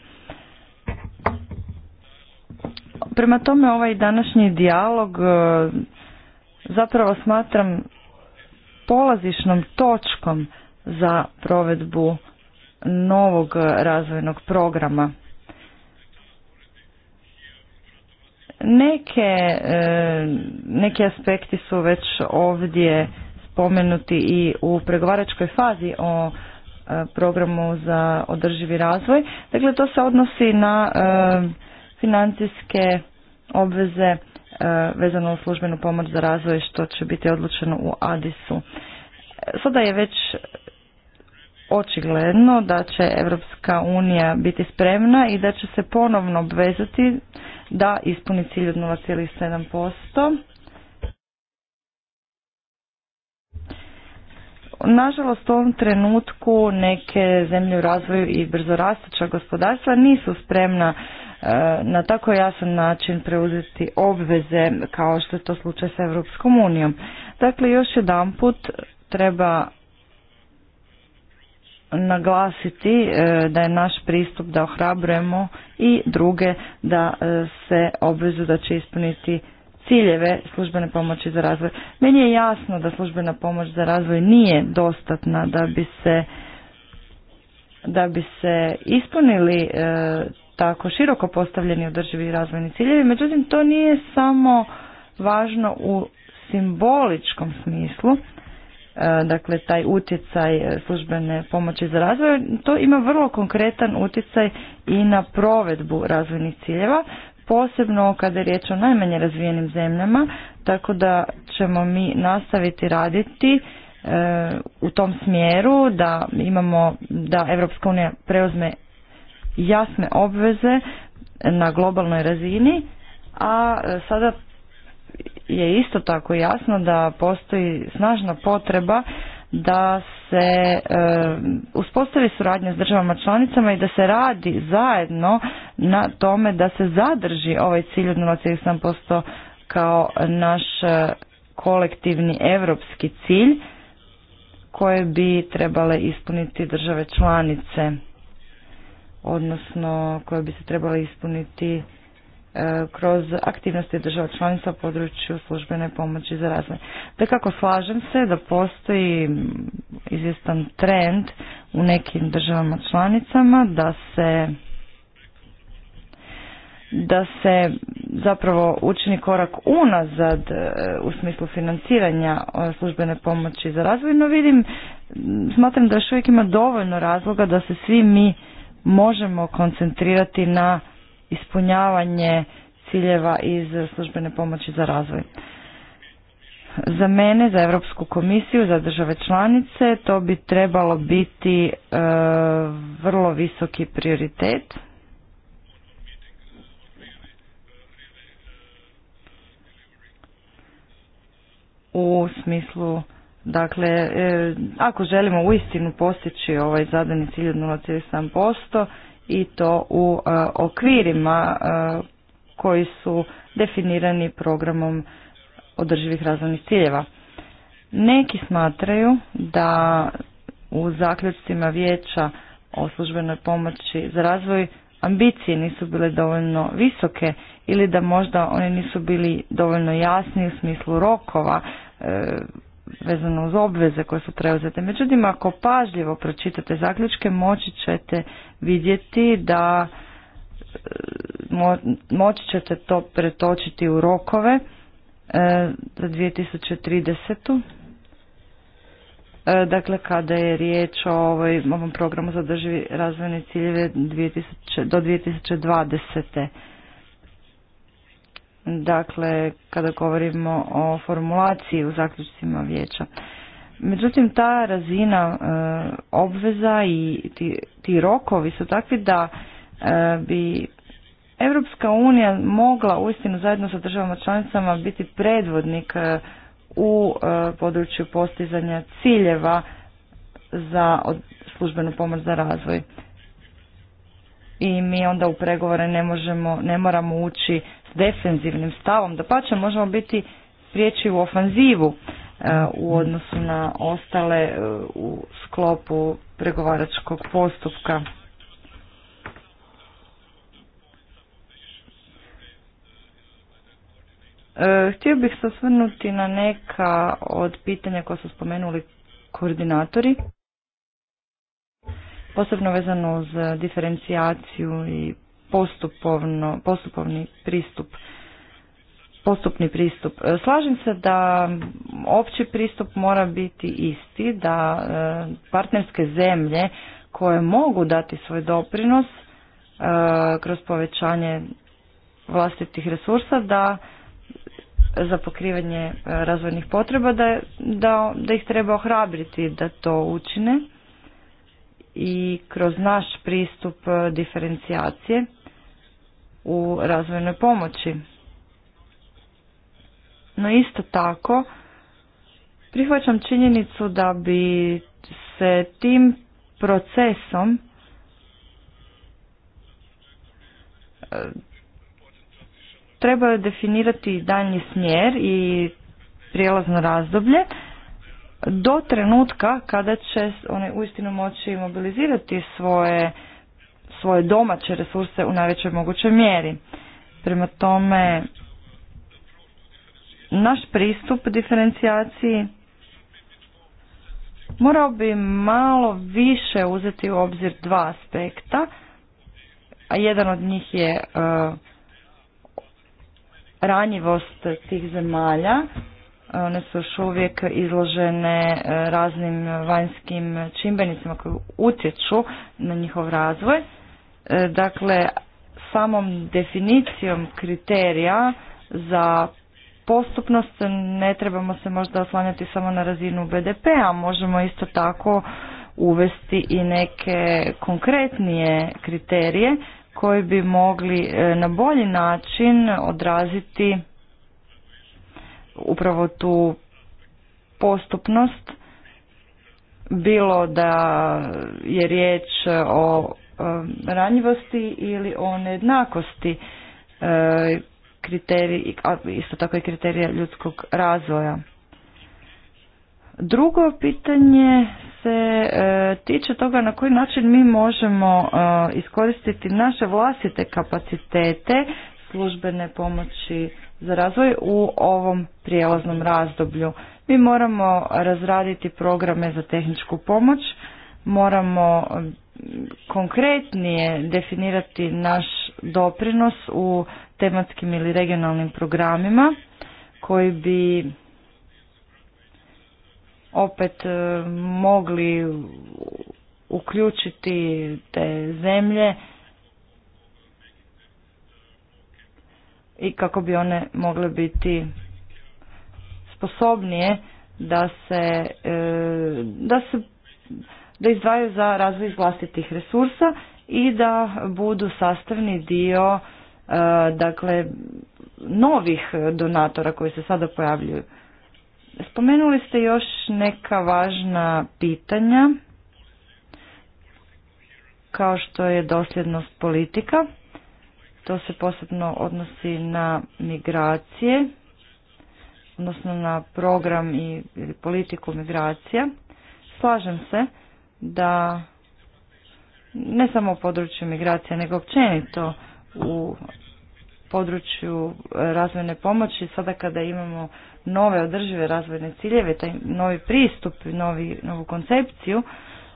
Prema tome ovaj današnji dijalog e, zapravo smatram polazišnom točkom za provedbu novog razvojnog programa. Neke, e, neke aspekti su već ovdje spomenuti i u pregovaračkoj fazi o e, programu za održivi razvoj. Dakle, to se odnosi na e, financijske obveze E, vezano u službenu pomoć za razvoj što će biti odlučeno u Adisu. Sada je već očigledno da će Europska unija biti spremna i da će se ponovno obvezati da ispuni cilj od 0,7%. Nažalost, u ovom trenutku neke zemlje u razvoju i brzo brzorastuća gospodarstva nisu spremna E, na tako jasan način preuzeti obveze kao što je to slučaj sa Europskom unijom. Dakle, još jedanput treba naglasiti e, da je naš pristup da ohrabrujemo i druge da e, se obvezu da će ispuniti ciljeve službene pomoći za razvoj. Meni je jasno da službena pomoć za razvoj nije dostatna da bi se da bi se ispunili tako široko postavljeni održivi razvojni ciljevi, međutim to nije samo važno u simboličkom smislu, e, dakle taj utjecaj e, službene pomoći za razvoj, to ima vrlo konkretan utjecaj i na provedbu razvojnih ciljeva, posebno kada je riječ o najmanje razvijenim zemljama, tako da ćemo mi nastaviti raditi e, u tom smjeru da imamo da Europska unija preuzme jasne obveze na globalnoj razini, a e, sada je isto tako jasno da postoji snažna potreba da se e, uspostavi suradnja s državama članicama i da se radi zajedno na tome da se zadrži ovaj cilj od 0,7% kao naš e, kolektivni europski cilj koje bi trebale ispuniti države članice odnosno koje bi se trebali ispuniti e, kroz aktivnosti država članica u području službene pomoći za razvoj. Te kako slažem se da postoji izvjestan trend u nekim državama članicama da se da se zapravo učini korak unazad e, u smislu financiranja e, službene pomoći za razvoj, no vidim, smatram da još uvijek ima dovoljno razloga da se svi mi možemo koncentrirati na ispunjavanje ciljeva iz službene pomoći za razvoj. Za mene, za Europsku komisiju, za države članice, to bi trebalo biti e, vrlo visoki prioritet. U smislu Dakle, e, ako želimo uistinu postići ovaj zadani cilj od 0,7% i to u e, okvirima e, koji su definirani programom održivih razvojnih ciljeva. Neki smatraju da u zaključcima vijeća o službenoj pomoći za razvoj ambicije nisu bile dovoljno visoke ili da možda one nisu bili dovoljno jasni u smislu rokova vezano uz obveze koje su preuzete. Međutim, ako pažljivo pročitate zaključke, moći ćete vidjeti da e, moći ćete to pretočiti u rokove e, za 2030. E, dakle, kada je riječ o ovoj, ovom programu za održivi razvojne ciljeve 2000, do 2020 dakle kada govorimo o formulaciji u zaključcima vijeća. Međutim, ta razina e, obveza i ti, rokovi su takvi da e, bi Europska unija mogla uistinu zajedno sa državama članicama biti predvodnik e, u području postizanja ciljeva za od, službenu pomoć za razvoj. I mi onda u pregovore ne možemo, ne moramo ući defenzivnim stavom. Da možemo biti priječi u ofanzivu e, u mhm. odnosu na ostale e, u sklopu pregovaračkog postupka. E, htio bih se osvrnuti na neka od pitanja koja su spomenuli koordinatori, posebno vezano uz diferencijaciju i postupovno, postupovni pristup postupni pristup. E, slažem se da opći pristup mora biti isti, da e, partnerske zemlje koje mogu dati svoj doprinos e, kroz povećanje vlastitih resursa da za pokrivanje razvojnih potreba da, da, da ih treba ohrabriti da to učine i kroz naš pristup diferencijacije u razvojnoj pomoći. No isto tako, prihvaćam činjenicu da bi se tim procesom eh, treba definirati daljnji smjer i prijelazno razdoblje do trenutka kada će one uistinu moći mobilizirati svoje svoje domaće resurse u najvećoj mogućoj mjeri. Prema tome, naš pristup diferencijaciji morao bi malo više uzeti u obzir dva aspekta, a jedan od njih je e, ranjivost tih zemalja. One su još uvijek izložene e, raznim vanjskim čimbenicima koji utječu na njihov razvoj. E, dakle, samom definicijom kriterija za postupnost ne trebamo se možda oslanjati samo na razinu BDP-a, možemo isto tako uvesti i neke konkretnije kriterije koji bi mogli e, na bolji način odraziti upravo tu postupnost bilo da je riječ o Um, ranjivosti ili o nejednakosti e, kriteriji isto tako i kriterija ljudskog razvoja. Drugo pitanje se e, tiče toga na koji način mi možemo e, iskoristiti naše vlastite kapacitete službene pomoći za razvoj u ovom prijelaznom razdoblju. Mi moramo razraditi programe za tehničku pomoć, moramo konkretnije definirati naš doprinos u tematskim ili regionalnim programima koji bi opet e, mogli uključiti te zemlje i kako bi one mogle biti sposobnije da se e, da se da izdvaju za razvoj vlastitih resursa i da budu sastavni dio e, dakle novih donatora koji se sada pojavljuju. Spomenuli ste još neka važna pitanja kao što je dosljednost politika. To se posebno odnosi na migracije, odnosno na program i politiku migracija. Slažem se da ne samo u području migracije, nego općenito u području razvojne pomoći, sada kada imamo nove održive razvojne ciljeve, taj novi pristup, novi, novu koncepciju,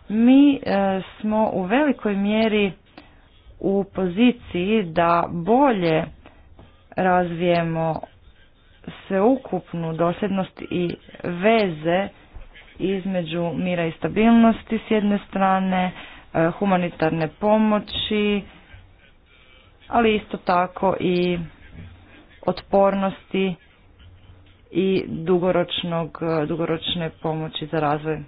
mi e, smo u velikoj mjeri u poziciji da bolje razvijemo sveukupnu dosljednost i veze između mira i stabilnosti s jedne strane, e, humanitarne pomoći, ali isto tako i otpornosti i dugoročnog, e, dugoročne pomoći za razvoj.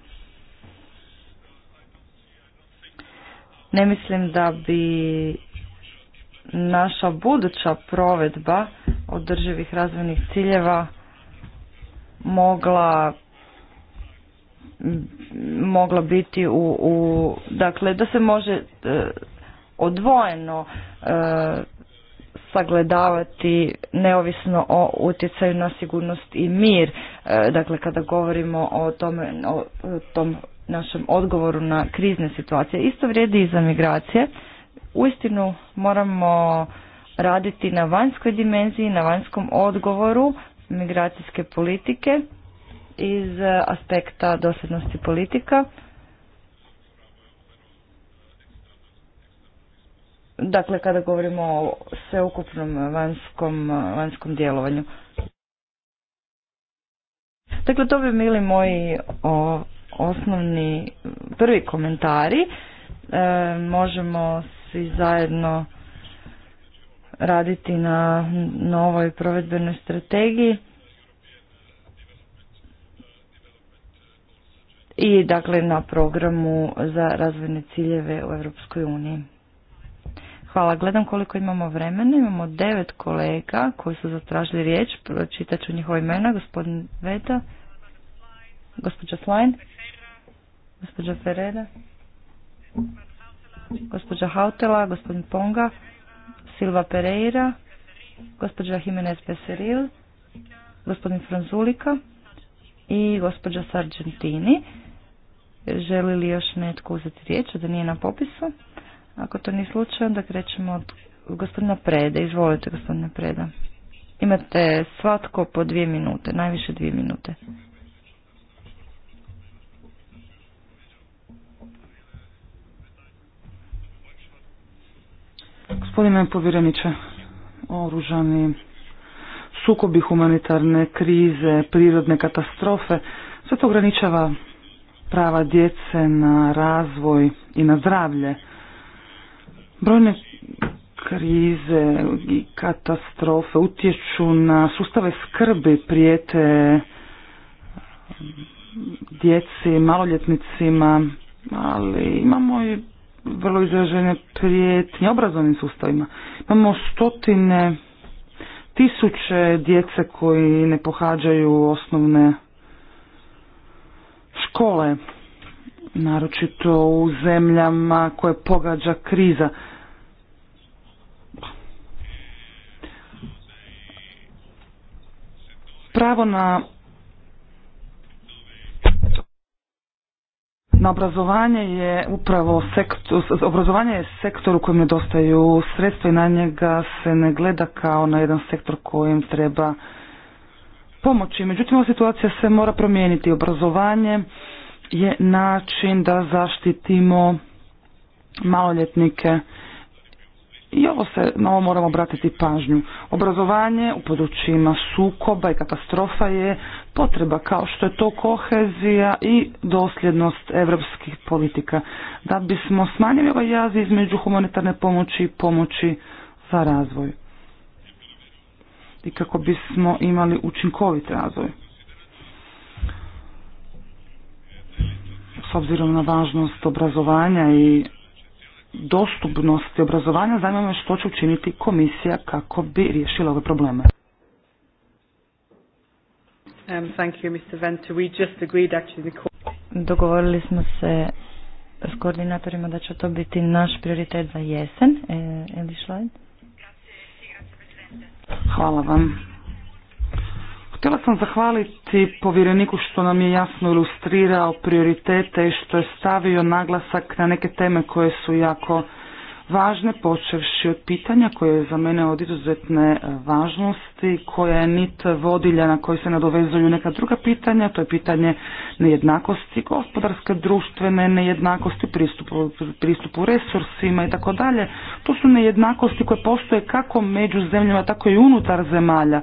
Ne mislim da bi naša buduća provedba održivih razvojnih ciljeva mogla mogla biti u, u dakle da se može e, odvojeno e, sagledavati neovisno o utjecaju na sigurnost i mir. E, dakle, kada govorimo o, tome, o tom našem odgovoru na krizne situacije. Isto vrijedi i za migracije. Uistinu moramo raditi na vanjskoj dimenziji, na vanjskom odgovoru migracijske politike iz aspekta dosljednosti politika. Dakle, kada govorimo o sveukupnom vanjskom, vanjskom djelovanju. Dakle, to bi bili moji o, osnovni prvi komentari. E, možemo svi zajedno raditi na novoj provedbenoj strategiji. i dakle na programu za razvojne ciljeve u Europskoj uniji. Hvala, gledam koliko imamo vremena. Imamo devet kolega koji su zatražili riječ. Pročitat ću njihova imena. Gospodin Veta, gospođa Slajn, gospođa Ferreira, gospođa Hautela, gospodin Ponga, Silva Pereira, gospođa Jimenez Peseril, gospodin Franzulika i gospođa Sargentini. Želi li još netko uzeti riječ, da nije na popisu? Ako to nije slučaj, onda krećemo od gospodina Preda. Izvolite, gospodine Preda. Imate svatko po dvije minute, najviše dvije minute. Gospodine povjereniče, oružani sukobi humanitarne krize, prirodne katastrofe, sve to ograničava prava djece na razvoj i na zdravlje. Brojne krize i katastrofe utječu na sustave skrbi, prijete um, djeci, maloljetnicima, ali imamo i vrlo izražene prijetnje obrazovnim sustavima. Imamo stotine tisuće djece koji ne pohađaju osnovne škole, naročito u zemljama koje pogađa kriza. Pravo na Na obrazovanje je upravo sektor, obrazovanje je sektor u kojem nedostaju sredstva i na njega se ne gleda kao na jedan sektor kojem treba pomoći. Međutim, ova situacija se mora promijeniti. Obrazovanje je način da zaštitimo maloljetnike. I ovo se, na ovo moramo obratiti pažnju. Obrazovanje u područjima sukoba i katastrofa je potreba kao što je to kohezija i dosljednost evropskih politika. Da bismo smanjili ovaj jaz između humanitarne pomoći i pomoći za razvoj i kako bismo imali učinkovit razvoj. S obzirom na važnost obrazovanja i dostupnosti obrazovanja, zanima me što će učiniti komisija kako bi riješila ove probleme. Um, Dogovorili smo se s koordinatorima da će to biti naš prioritet za jesen. E, Hvala vam. Htjela sam zahvaliti povjereniku što nam je jasno ilustrirao prioritete i što je stavio naglasak na neke teme koje su jako važne, počevši od pitanja koje je za mene od izuzetne e, važnosti, koje je nit vodilja na koji se nadovezuju neka druga pitanja, to je pitanje nejednakosti, gospodarske, društvene nejednakosti, pristupu, pristupu resursima i tako dalje. To su nejednakosti koje postoje kako među zemljama, tako i unutar zemalja.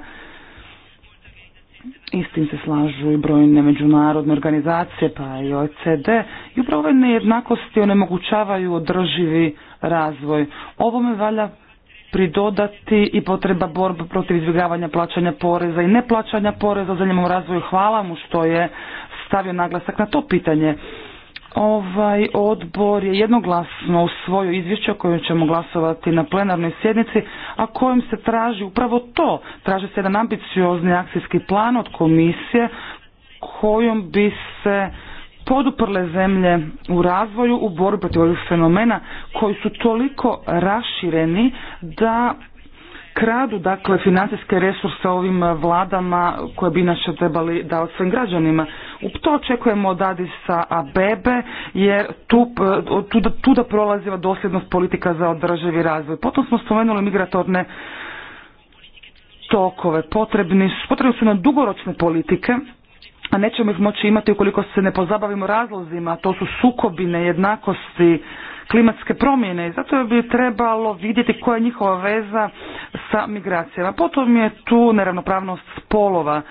Istim se slažu i brojne međunarodne organizacije, pa i OECD. I upravo ove nejednakosti onemogućavaju održivi razvoj. Ovome valja pridodati i potreba borbe protiv izbjegavanja plaćanja poreza i neplaćanja poreza za njemu razvoju. Hvala mu što je stavio naglasak na to pitanje. Ovaj odbor je jednoglasno svoju izvješće o kojem ćemo glasovati na plenarnoj sjednici, a kojim se traži upravo to. Traži se jedan ambiciozni akcijski plan od komisije kojom bi se poduprle zemlje u razvoju u borbi protiv ovih fenomena koji su toliko rašireni da kradu dakle financijske resurse ovim vladama koje bi inače trebali dao svojim građanima. U to očekujemo od Adisa Abebe jer tu, tu, da prolaziva dosljednost politika za održivi razvoj. Potom smo spomenuli migratorne tokove. Potrebni su, potrebni su nam dugoročne politike a nećemo ih moći imati ukoliko se ne pozabavimo razlozima, to su sukobi, jednakosti, klimatske promjene i zato bi trebalo vidjeti koja je njihova veza sa migracijama. Potom je tu neravnopravnost spolova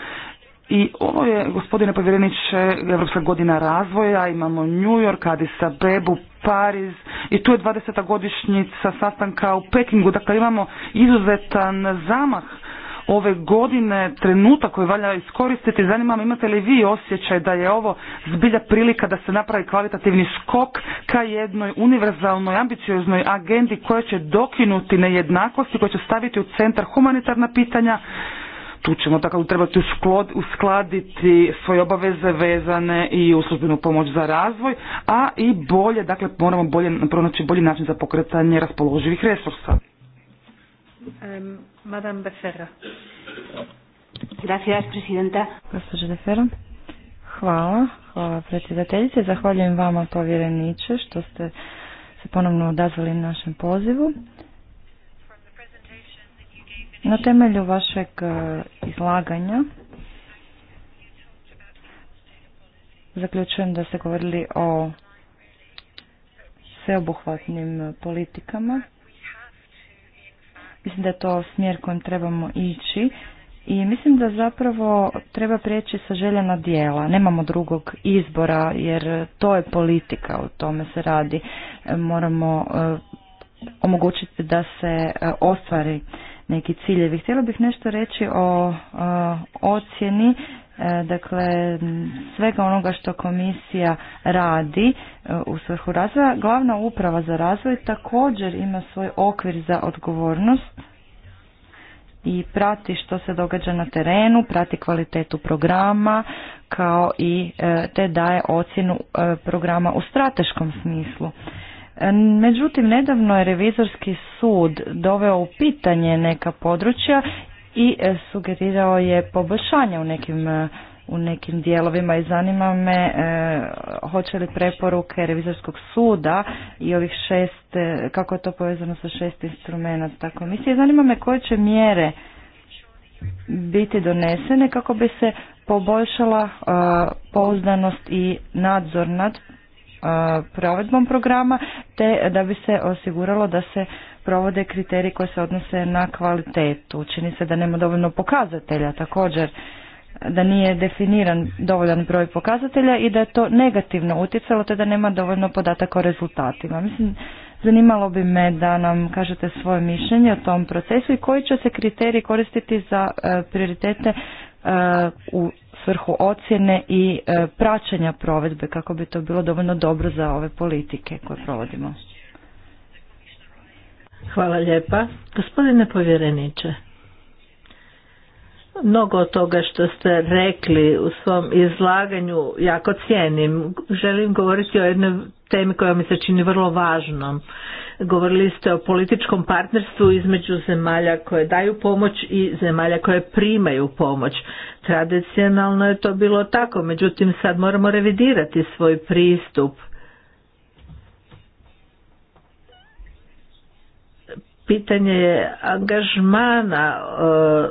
i ovo je, gospodine povjereniče, Evropska godina razvoja, imamo New York, Addis Abebu, Pariz i tu je 20. godišnjica sastanka u Pekingu, dakle imamo izuzetan zamah ove godine trenutak koji valja iskoristiti. Zanima me imate li vi osjećaj da je ovo zbilja prilika da se napravi kvalitativni skok ka jednoj univerzalnoj, ambicioznoj agendi koja će dokinuti nejednakosti, koja će staviti u centar humanitarna pitanja, tu ćemo tako trebati uskladiti svoje obaveze vezane i uslužbenu pomoć za razvoj, a i bolje, dakle moramo bolje pronaći bolji način za pokretanje raspoloživih resursa. Um, Madame Becerra. Gracias, presidenta. Becerra. Hvala, hvala predsjedateljice. Zahvaljujem vama povjereniče što ste se ponovno odazvali našem pozivu. Na temelju vašeg e, izlaganja zaključujem da ste govorili o sveobuhvatnim politikama Mislim da je to smjer kojim trebamo ići i mislim da zapravo treba prijeći sa željena dijela. Nemamo drugog izbora jer to je politika, o tome se radi. E, moramo e, omogućiti da se e, ostvari neki ciljevi. Htjela bih nešto reći o ocjeni E, dakle svega onoga što komisija radi e, u svrhu razvoja, glavna uprava za razvoj također ima svoj okvir za odgovornost i prati što se događa na terenu, prati kvalitetu programa kao i e, te daje ocjenu programa u strateškom smislu. Međutim, nedavno je revizorski sud doveo u pitanje neka područja i e, sugerirao je poboljšanje u nekim e, u nekim dijelovima i zanima me e, hoće li preporuke revizorskog suda i ovih šest, kako je to povezano sa šest instrumenta tako komisije. Zanima me koje će mjere biti donesene kako bi se poboljšala e, pouzdanost i nadzor nad E, provedbom programa, te da bi se osiguralo da se provode kriteriji koji se odnose na kvalitetu. Čini se da nema dovoljno pokazatelja također da nije definiran dovoljan broj pokazatelja i da je to negativno utjecalo te da nema dovoljno podataka o rezultatima. Mislim, zanimalo bi me da nam kažete svoje mišljenje o tom procesu i koji će se kriteriji koristiti za e, prioritete E, u svrhu ocjene i e, praćenja provedbe kako bi to bilo dovoljno dobro za ove politike koje provodimo. Hvala lijepa. Gospodine povjereniče, mnogo od toga što ste rekli u svom izlaganju jako cijenim. Želim govoriti o jednoj temi koja mi se čini vrlo važnom. Govorili ste o političkom partnerstvu između zemalja koje daju pomoć i zemalja koje primaju pomoć. Tradicionalno je to bilo tako, međutim sad moramo revidirati svoj pristup pitanje je angažmana e,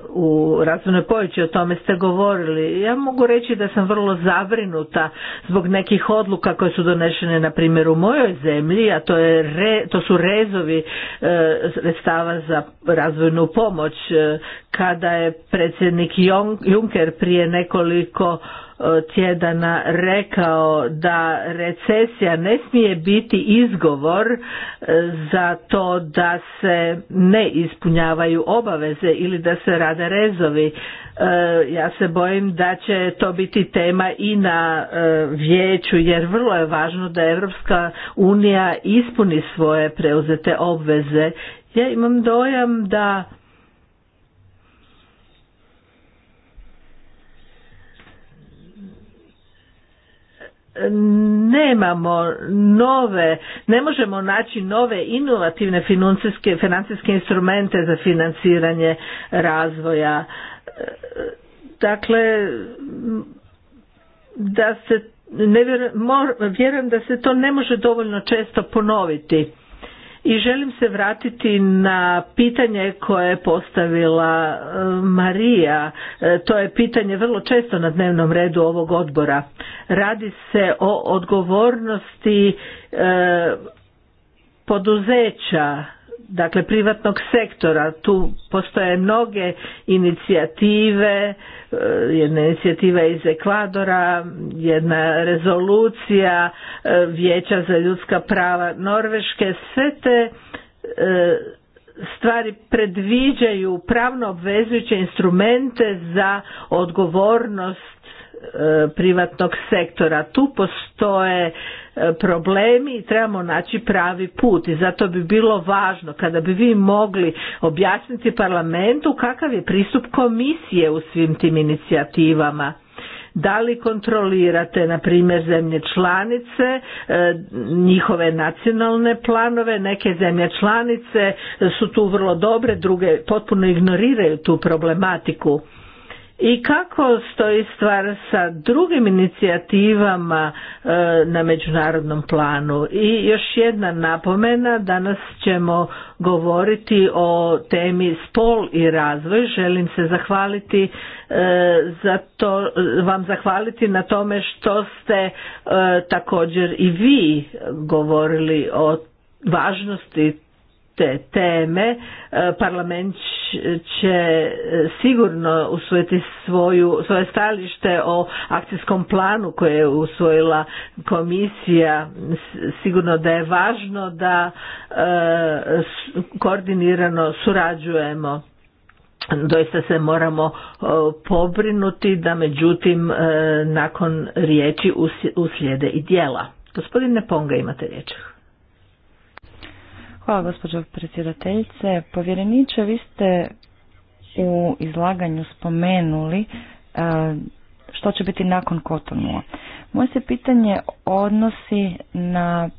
u razvojnoj pojeći, o tome ste govorili. Ja mogu reći da sam vrlo zabrinuta zbog nekih odluka koje su donešene na primjer u mojoj zemlji, a to, je re, to su rezovi e, sredstava za razvojnu pomoć. E, kada je predsjednik Juncker prije nekoliko E, tjedana rekao da recesija ne smije biti izgovor e, za to da se ne ispunjavaju obaveze ili da se rade rezovi. E, ja se bojim da će to biti tema i na vijeću jer vrlo je važno da Europska unija ispuni svoje preuzete obveze. Ja imam dojam da nemamo nove, ne možemo naći nove inovativne financijske, financijske instrumente za financiranje razvoja. Dakle, da se ne vjerujem, vjerujem da se to ne može dovoljno često ponoviti. I želim se vratiti na pitanje koje je postavila eh, Marija. Eh, to je pitanje vrlo često na dnevnom redu ovog odbora. Radi se o odgovornosti eh, poduzeća dakle privatnog sektora tu postoje mnoge inicijative e, jedna inicijativa iz Ekvadora jedna rezolucija e, vijeća za ljudska prava Norveške sve te e, stvari predviđaju pravno obvezujuće instrumente za odgovornost privatnog sektora tu postoje E, problemi i trebamo naći pravi put i zato bi bilo važno kada bi vi mogli objasniti parlamentu kakav je pristup komisije u svim tim inicijativama da li kontrolirate na primjer zemlje članice e, njihove nacionalne planove neke zemlje članice su tu vrlo dobre druge potpuno ignoriraju tu problematiku i kako stoji stvar sa drugim inicijativama e, na međunarodnom planu i još jedna napomena danas ćemo govoriti o temi spol i razvoj želim se zahvaliti e, za to vam zahvaliti na tome što ste e, također i vi govorili o važnosti te teme e, parlament će e, sigurno usvojiti svoju, svoje stajalište o akcijskom planu koje je usvojila komisija sigurno da je važno da e, koordinirano surađujemo doista se moramo pobrinuti da međutim nakon riječi uslijede i djela. Gospodine Ponga imate riječ. Hvala gospođo predsjedateljice. Povjereniče, vi ste u izlaganju spomenuli e, što će biti nakon Kotonua. Moje se pitanje odnosi na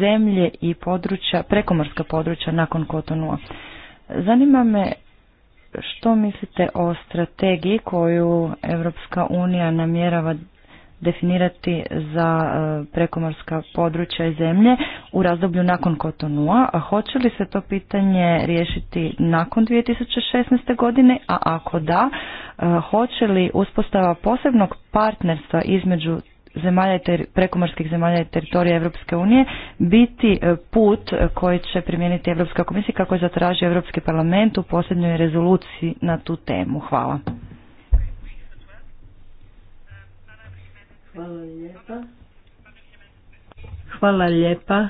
zemlje i područja, prekomorska područja nakon Kotonua. Zanima me što mislite o strategiji koju Europska unija namjerava definirati za e, prekomorska područja i zemlje u razdoblju nakon Kotonua, a hoće li se to pitanje riješiti nakon 2016. godine, a ako da, e, hoće li uspostava posebnog partnerstva između zemalja ter, prekomorskih zemalja i teritorija Europske unije biti e, put koji će primijeniti Europska komisija kako je zatražio Europski parlament u posljednjoj rezoluciji na tu temu. Hvala. Hvala lijepa. Hvala lijepa.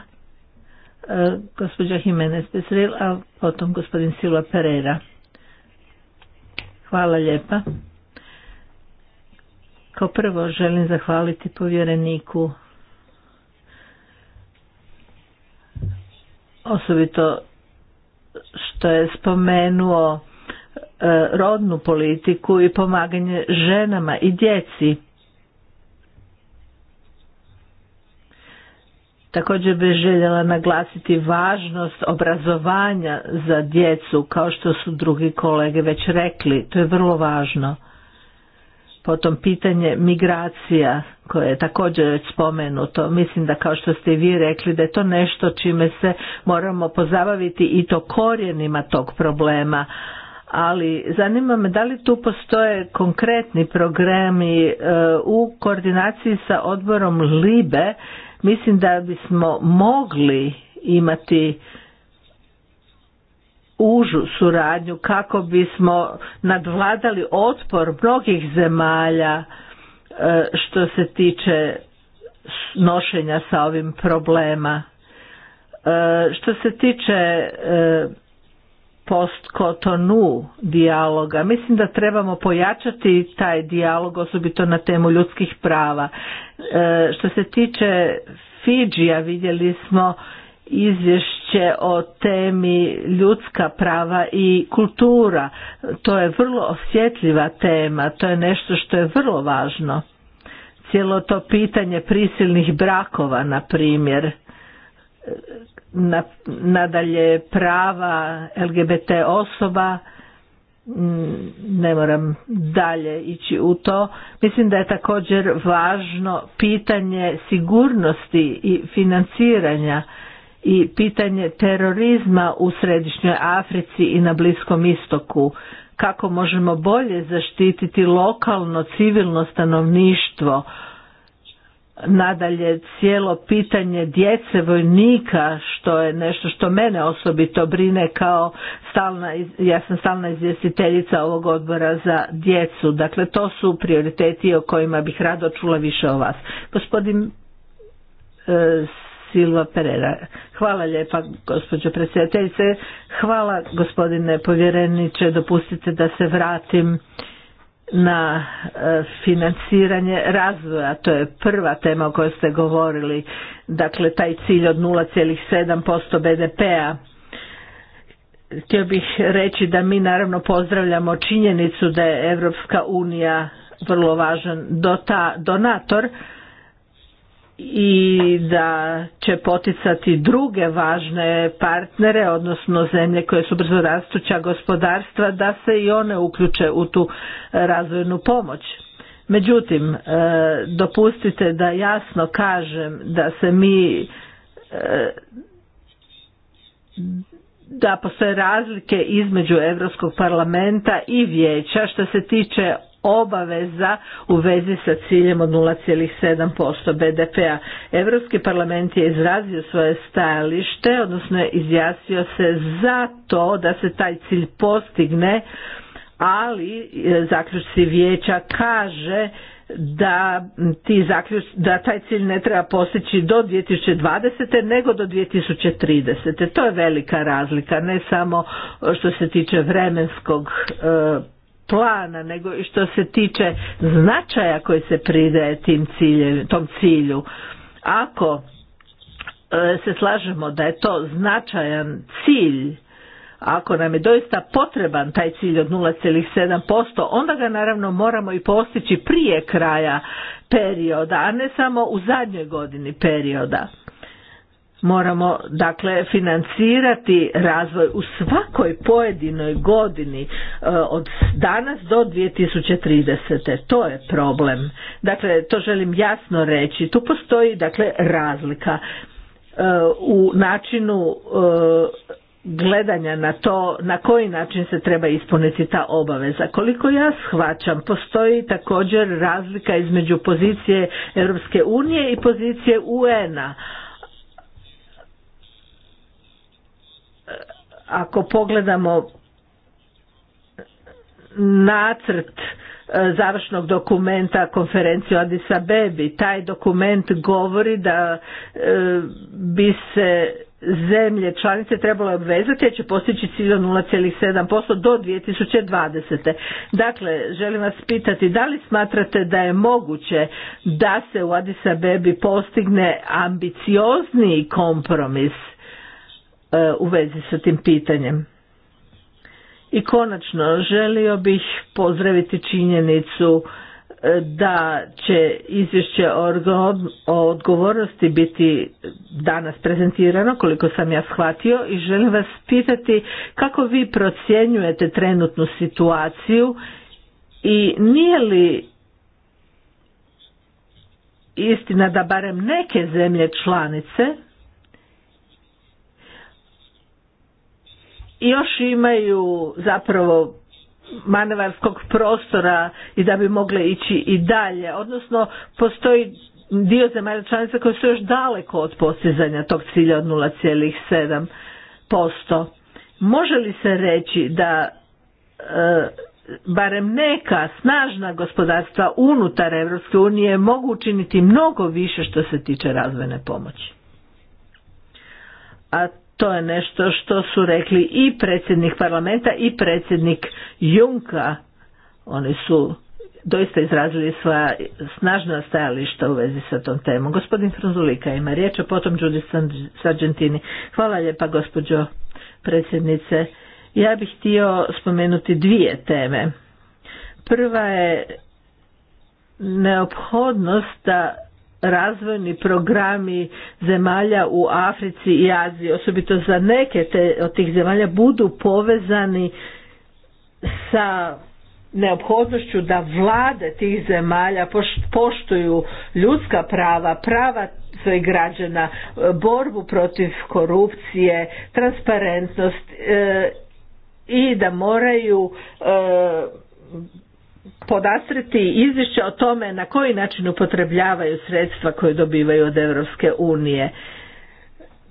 E, gospođa Jimenez Pesril, a potom gospodin Silva Pereira. Hvala lijepa. Kao prvo želim zahvaliti povjereniku osobito što je spomenuo e, rodnu politiku i pomaganje ženama i djeci Također bih željela naglasiti važnost obrazovanja za djecu, kao što su drugi kolege već rekli, to je vrlo važno. Potom pitanje migracija koje je također već spomenuto. Mislim da kao što ste i vi rekli da je to nešto čime se moramo pozabaviti i to korijenima tog problema. Ali zanima me da li tu postoje konkretni programi e, u koordinaciji sa odborom LIBE Mislim da bismo mogli imati užu suradnju kako bismo nadvladali otpor mnogih zemalja e, što se tiče nošenja sa ovim problema. E, što se tiče e, post-Kotonu dijaloga. Mislim da trebamo pojačati taj dijalog, osobito na temu ljudskih prava. E, što se tiče Fidžija, vidjeli smo izvješće o temi ljudska prava i kultura. To je vrlo osjetljiva tema, to je nešto što je vrlo važno. Cijelo to pitanje prisilnih brakova, na primjer, nadalje prava LGBT osoba mm, ne moram dalje ići u to. Mislim da je također važno pitanje sigurnosti i financiranja i pitanje terorizma u središnjoj Africi i na Bliskom istoku. Kako možemo bolje zaštititi lokalno civilno stanovništvo Nadalje, cijelo pitanje djece vojnika, što je nešto što mene osobito brine kao stalna, ja sam stalna izvjestiteljica ovog odbora za djecu. Dakle, to su prioriteti o kojima bih rado čula više o vas. Gospodin e, Silva Pereira. Hvala lijepa gospođo predsjedateljice. Hvala gospodine povjereniče. Dopustite da se vratim na e, financiranje razvoja, to je prva tema o kojoj ste govorili, dakle taj cilj od 0,7% BDP-a. Htio bih reći da mi naravno pozdravljamo činjenicu da je Europska unija vrlo važan donator, i da će poticati druge važne partnere, odnosno zemlje koje su brzo rastuća gospodarstva, da se i one uključe u tu razvojnu pomoć. Međutim, e, dopustite da jasno kažem da se mi e, da postoje razlike između Europskog parlamenta i vijeća što se tiče obaveza u vezi sa ciljem od 0,7% BDP-a. Europski parlament je izrazio svoje stajalište, odnosno je izjasnio se za to da se taj cilj postigne, ali e, zaključci vijeća kaže da, ti da taj cilj ne treba postići do 2020. nego do 2030. To je velika razlika, ne samo što se tiče vremenskog e, plana, nego i što se tiče značaja koji se pridaje tim tom cilju. Ako e, se slažemo da je to značajan cilj, ako nam je doista potreban taj cilj od 0,7%, onda ga naravno moramo i postići prije kraja perioda, a ne samo u zadnjoj godini perioda. Moramo dakle financirati razvoj u svakoj pojedinoj godini e, od danas do 2030. To je problem. Dakle, to želim jasno reći. Tu postoji dakle razlika e, u načinu e, gledanja na to na koji način se treba ispuniti ta obaveza. Koliko ja shvaćam, postoji također razlika između pozicije Europske unije i pozicije UN-a Ako pogledamo nacrt e, završnog dokumenta konferencije Addis Abebi. Taj dokument govori da e, bi se zemlje članice trebalo obvezati jer će postići cilj od 0,7% do 2020. Dakle, želim vas pitati da li smatrate da je moguće da se u Addis Abebi postigne ambiciozniji kompromis E, u vezi sa tim pitanjem. I konačno želio bih pozdraviti činjenicu e, da će izvješće o odgovornosti biti danas prezentirano koliko sam ja shvatio i želim vas pitati kako vi procjenjujete trenutnu situaciju i nije li istina da barem neke zemlje članice još imaju zapravo manevarskog prostora i da bi mogle ići i dalje. Odnosno, postoji dio zemalja članica koji su još daleko od postizanja tog cilja od 0,7%. Može li se reći da e, barem neka snažna gospodarstva unutar Europske unije mogu učiniti mnogo više što se tiče razvojne pomoći? A to je nešto što su rekli i predsjednik parlamenta i predsjednik Junka. Oni su doista izrazili svoja snažna stajališta u vezi sa tom temom. Gospodin Frunzulika ima riječ, a potom Đudi Sargentini. Hvala lijepa gospođo predsjednice. Ja bih htio spomenuti dvije teme. Prva je neophodnost da razvojni programi zemalja u Africi i Aziji, osobito za neke te, od tih zemalja, budu povezani sa neophodnošću da vlade tih zemalja poštuju ljudska prava, prava svojih građana, borbu protiv korupcije, transparentnost e, i da moraju e, podastriti izvješće o tome na koji način upotrebljavaju sredstva koje dobivaju od Europske unije.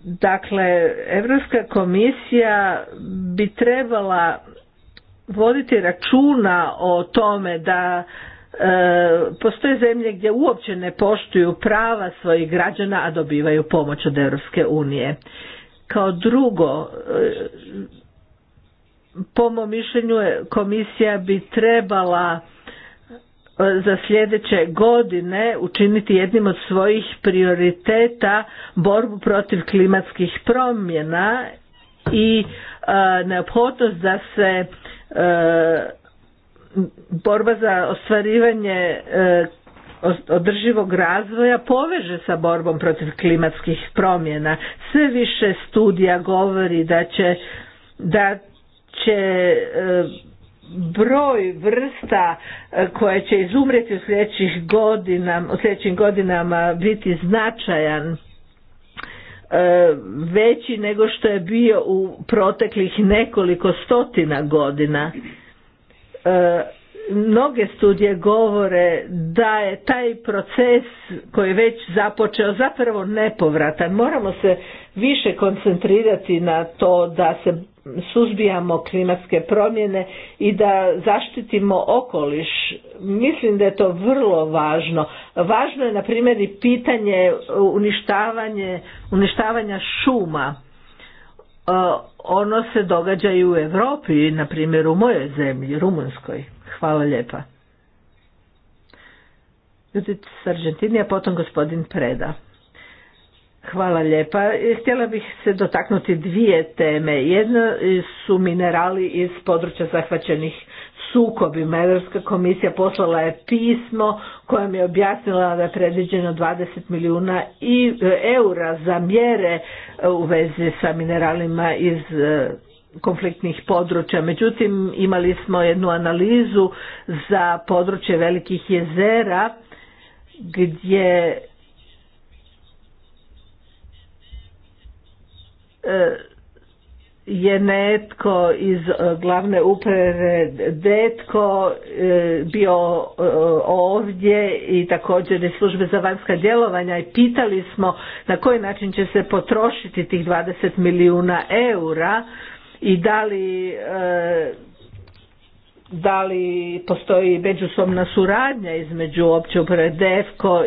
Dakle, Europska komisija bi trebala voditi računa o tome da e, postoje zemlje gdje uopće ne poštuju prava svojih građana, a dobivaju pomoć od Europske unije. Kao drugo, e, po mom mišljenju komisija bi trebala e, za sljedeće godine učiniti jednim od svojih prioriteta borbu protiv klimatskih promjena i e, neophodnost da se e, borba za ostvarivanje održivog razvoja poveže sa borbom protiv klimatskih promjena. Sve više studija govori da će da će e, broj vrsta e, koje će izumreti u sljedećih godina, u sljedećim godinama biti značajan e, veći nego što je bio u proteklih nekoliko stotina godina mnoge studije govore da je taj proces koji je već započeo zapravo nepovratan. Moramo se više koncentrirati na to da se suzbijamo klimatske promjene i da zaštitimo okoliš. Mislim da je to vrlo važno. Važno je na primjer i pitanje uništavanje, uništavanja šuma. E, ono se događa i u Europi, na primjer u mojoj zemlji, Rumunskoj. Hvala lijepa. Judit Sargentini, a potom gospodin Preda. Hvala lijepa. E, htjela bih se dotaknuti dvije teme. Jedna su minerali iz područja zahvaćenih sukobima. Europska komisija poslala je pismo kojom je objasnila da je predviđeno 20 milijuna e, eura za mjere u vezi sa mineralima iz e, konfliktnih područja. Međutim, imali smo jednu analizu za područje velikih jezera gdje e, je netko iz e, glavne uprave Detko e, bio ovdje i također iz službe za vanjska djelovanja i pitali smo na koji način će se potrošiti tih 20 milijuna eura i da li e, da li postoji međusobna suradnja između opće uprave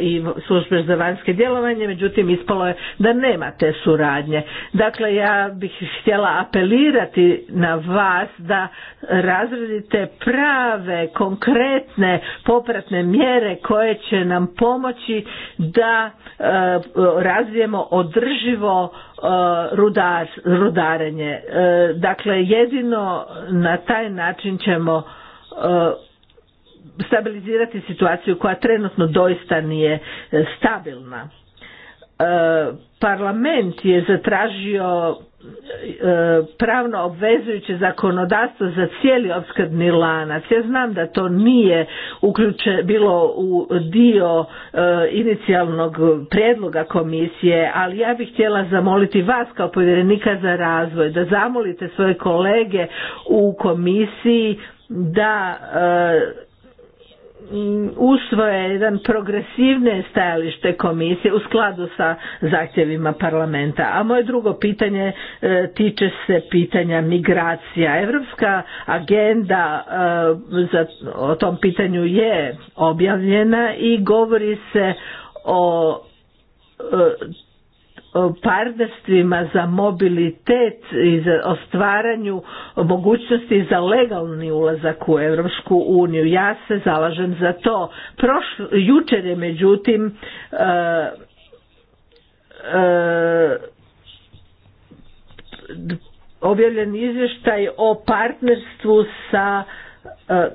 i službe za vanjske djelovanje, međutim ispalo je da nema te suradnje. Dakle, ja bih htjela apelirati na vas da razredite prave, konkretne, popratne mjere koje će nam pomoći da e, razvijemo održivo E, rudar, rudarenje. E, dakle, jedino na taj način ćemo e, stabilizirati situaciju koja trenutno doista nije stabilna. Parlament je zatražio E, pravno obvezujuće zakonodavstvo za cijeli opskrbni lanac. Ja znam da to nije uključeno, bilo u dio e, inicijalnog prijedloga komisije, ali ja bih htjela zamoliti vas kao povjerenika za razvoj da zamolite svoje kolege u komisiji da e, Mm, usvoje jedan progresivne stajalište komisije u skladu sa zahtjevima parlamenta. A moje drugo pitanje e, tiče se pitanja migracija. Europska agenda e, za, o tom pitanju je objavljena i govori se o e, partnerstvima za mobilitet i za ostvaranju mogućnosti za legalni ulazak u Europsku uniju. Ja se zalažem za to. Prošlo, jučer je međutim e, e, objavljen izvještaj o partnerstvu sa e,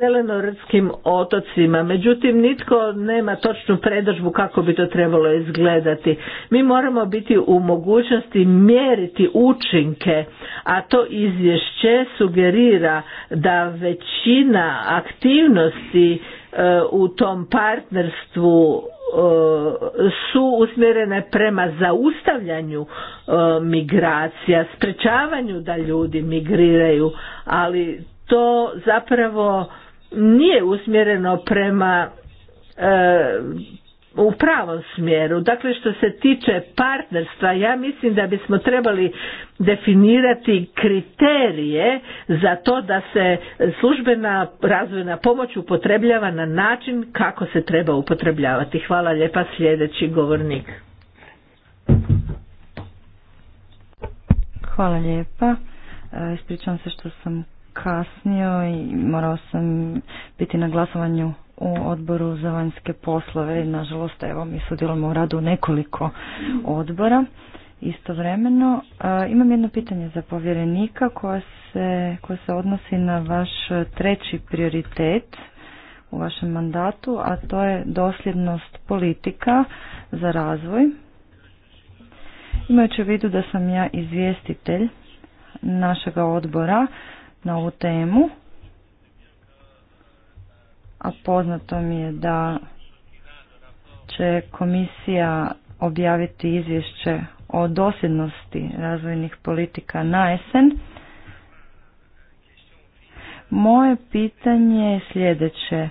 zelenorskim otocima. Međutim, nitko nema točnu predržbu kako bi to trebalo izgledati. Mi moramo biti u mogućnosti mjeriti učinke, a to izvješće sugerira da većina aktivnosti e, u tom partnerstvu e, su usmjerene prema zaustavljanju e, migracija, sprečavanju da ljudi migriraju, ali to zapravo nije usmjereno prema e, u pravom smjeru. Dakle, što se tiče partnerstva, ja mislim da bismo trebali definirati kriterije za to da se službena razvojna pomoć upotrebljava na način kako se treba upotrebljavati. Hvala lijepa sljedeći govornik. Hvala lijepa. E, ispričavam se što sam kasnio i morao sam biti na glasovanju u odboru za vanjske poslove i nažalost evo mi sudjelujemo u radu nekoliko odbora istovremeno. E, imam jedno pitanje za povjerenika koja se, se odnosi na vaš treći prioritet u vašem mandatu, a to je dosljednost politika za razvoj. Imajući u vidu da sam ja izvjestitelj našega odbora na ovu temu, a poznato mi je da će komisija objaviti izvješće o dosjednosti razvojnih politika na jesen. Moje pitanje je sljedeće.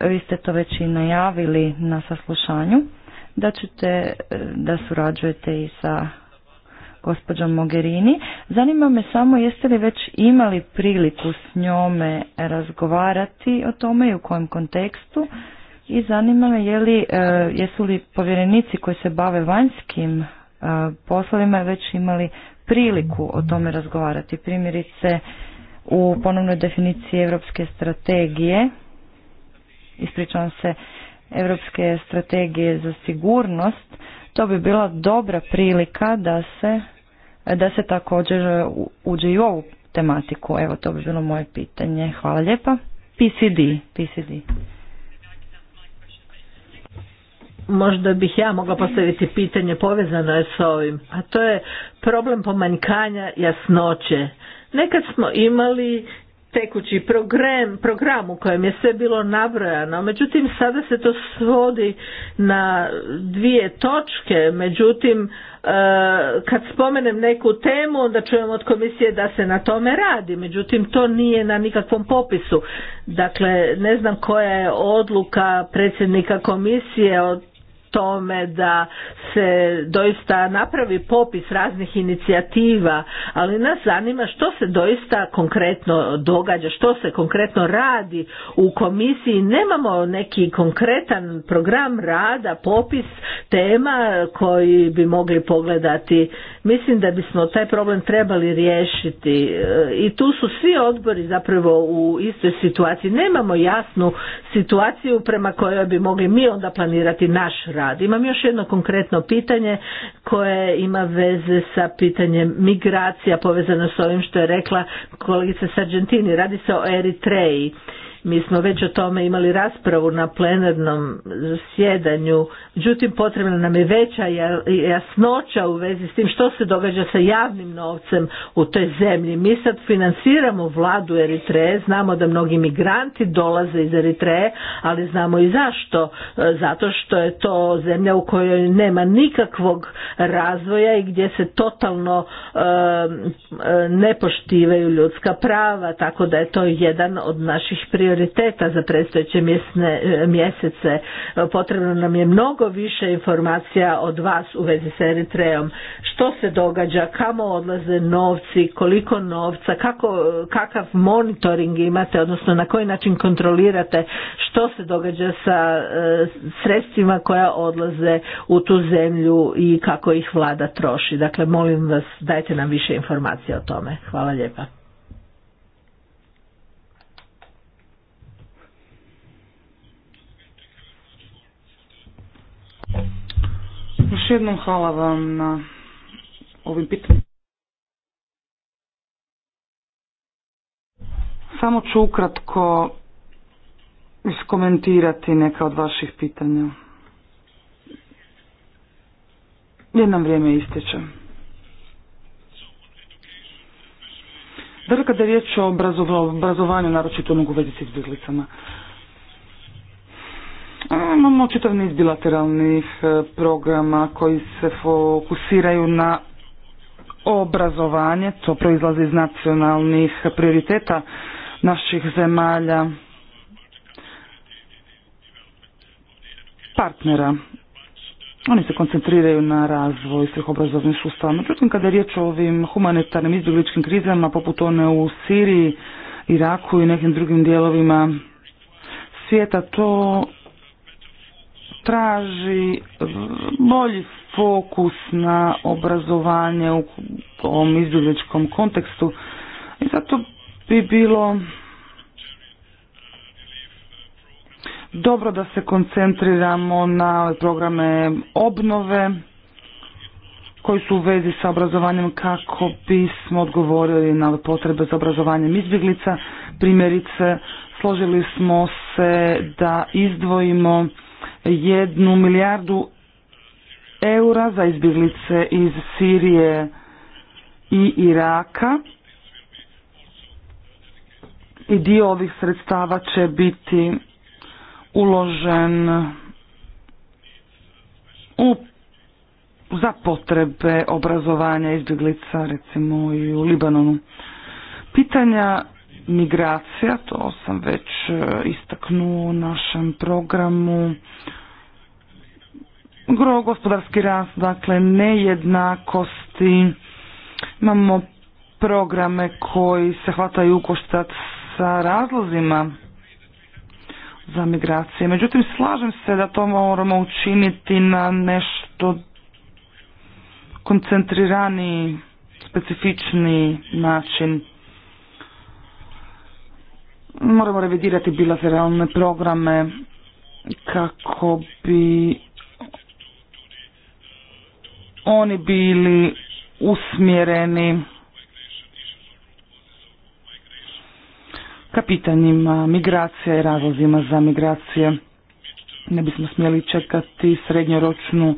Vi ste to već i najavili na saslušanju, da ćete, da surađujete i sa gospođom Mogherini. Zanima me samo jeste li već imali priliku s njome razgovarati o tome i u kojem kontekstu i zanima me je li, e, jesu li povjerenici koji se bave vanjskim e, poslovima već imali priliku o tome razgovarati. Primjerice u ponovnoj definiciji europske strategije, ispričavam se, europske strategije za sigurnost, to bi bila dobra prilika da se da se također e, uđe i u ovu tematiku. Evo, to bi bilo moje pitanje. Hvala lijepa. PCD, PCD. Možda bih ja mogla postaviti pitanje povezano je s ovim, a to je problem pomanjkanja jasnoće. Nekad smo imali tekući program, program u kojem je sve bilo nabrojano. Međutim, sada se to svodi na dvije točke, međutim, e, kad spomenem neku temu, onda čujem od komisije da se na tome radi, međutim, to nije na nikakvom popisu. Dakle, ne znam koja je odluka predsjednika komisije od tome da se doista napravi popis raznih inicijativa, ali nas zanima što se doista konkretno događa, što se konkretno radi u komisiji. Nemamo neki konkretan program rada, popis tema koji bi mogli pogledati. Mislim da bismo taj problem trebali riješiti e, i tu su svi odbori zapravo u istoj situaciji. Nemamo jasnu situaciju prema kojoj bi mogli mi onda planirati naš rad rad. Imam još jedno konkretno pitanje koje ima veze sa pitanjem migracija povezano s ovim što je rekla kolegica Sargentini. Radi se o Eritreji mi smo već o tome imali raspravu na plenarnom sjedanju, međutim potrebna nam je veća jasnoća u vezi s tim što se događa sa javnim novcem u toj zemlji. Mi sad financiramo vladu Eritreje, znamo da mnogi migranti dolaze iz Eritreje, ali znamo i zašto. E, zato što je to zemlja u kojoj nema nikakvog razvoja i gdje se totalno e, e, ne poštivaju ljudska prava, tako da je to jedan od naših prioriteta prioriteta za predstojeće e, mjesece. Potrebno nam je mnogo više informacija od vas u vezi s Eritrejom. Što se događa, kamo odlaze novci, koliko novca, kako, kakav monitoring imate, odnosno na koji način kontrolirate što se događa sa e, sredstvima koja odlaze u tu zemlju i kako ih vlada troši. Dakle, molim vas, dajte nam više informacija o tome. Hvala lijepa. Još jednom hvala vam na ovim pitanjima. Samo ću ukratko iskomentirati neka od vaših pitanja. nam vrijeme ističe. Dakle, kada je riječ o obrazovanju, naročito onog u vezi s izbjeglicama, Imamo čitav niz bilateralnih e, programa koji se fokusiraju na obrazovanje, to proizlazi iz nacionalnih prioriteta naših zemalja, partnera. Oni se koncentriraju na razvoj svih obrazovnih sustava. Međutim, kada je riječ o ovim humanitarnim izbjegličkim krizama, poput one u Siriji, Iraku i nekim drugim dijelovima svijeta, to traži bolji fokus na obrazovanje u ovom izbjegličkom kontekstu i zato bi bilo dobro da se koncentriramo na programe obnove koji su u vezi sa obrazovanjem kako bismo odgovorili na potrebe za obrazovanjem izbjeglica. Primjerice, složili smo se da izdvojimo jednu milijardu eura za izbjeglice iz Sirije i Iraka. I dio ovih sredstava će biti uložen u za potrebe obrazovanja izbjeglica recimo i u Libanonu. Pitanja migracija, to sam već e, istaknuo u našem programu. Gro gospodarski rast, dakle nejednakosti. Imamo programe koji se hvataju ukoštac sa razlozima za migracije. Međutim, slažem se da to moramo učiniti na nešto koncentrirani, specifični način. Moramo revidirati bilateralne programe kako bi oni bili usmjereni ka pitanjima migracija i razlozima za migracije. Ne bismo smjeli čekati srednjoročnu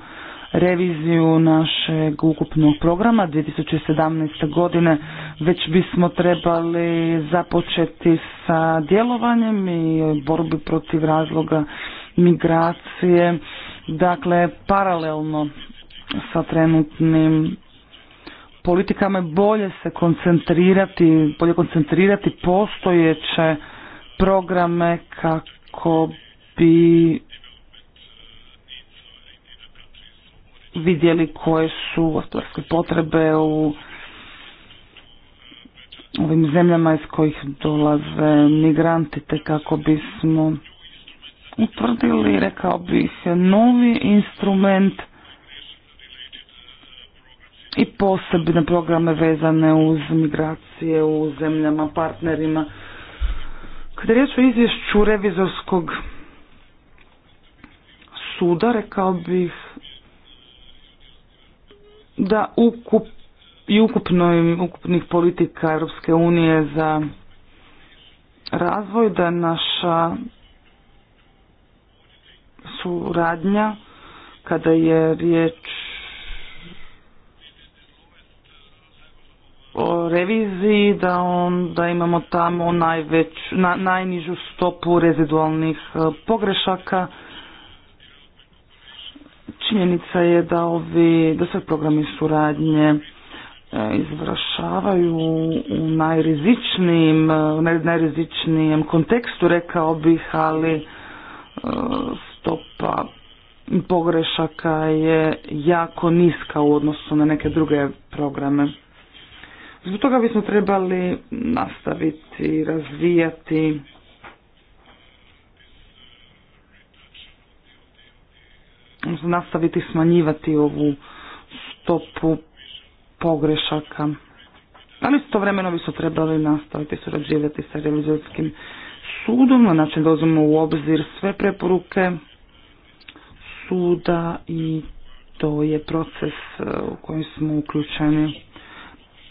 reviziju našeg ukupnog programa 2017. godine već bismo trebali započeti sa djelovanjem i borbi protiv razloga migracije. Dakle, paralelno sa trenutnim politikama je bolje se koncentrirati, bolje koncentrirati postojeće programe kako bi vidjeli koje su gospodarske potrebe u ovim zemljama iz kojih dolaze migranti, te kako bismo utvrdili, rekao bih, novi instrument i posebne programe vezane uz migracije u zemljama, partnerima. Kada je riječ o izvješću revizorskog suda, rekao bih da ukup i ukupnoj, ukupnih politika Europske unije za razvoj, da naša suradnja kada je riječ o reviziji, da onda imamo tamo najveć, na, najnižu stopu rezidualnih e, pogrešaka. Činjenica je da ovi, da sve programi suradnje E, izvršavaju u najrizičnijim, u e, najrizičnijem kontekstu, rekao bih, ali e, stopa pogrešaka je jako niska u odnosu na neke druge programe. Zbog toga bismo trebali nastaviti, razvijati nastaviti smanjivati ovu stopu pogrešaka. Ali istovremeno bi su trebali nastaviti surađivati sa revizorskim sudom na način da uzmemo u obzir sve preporuke suda i to je proces e, u kojem smo uključeni.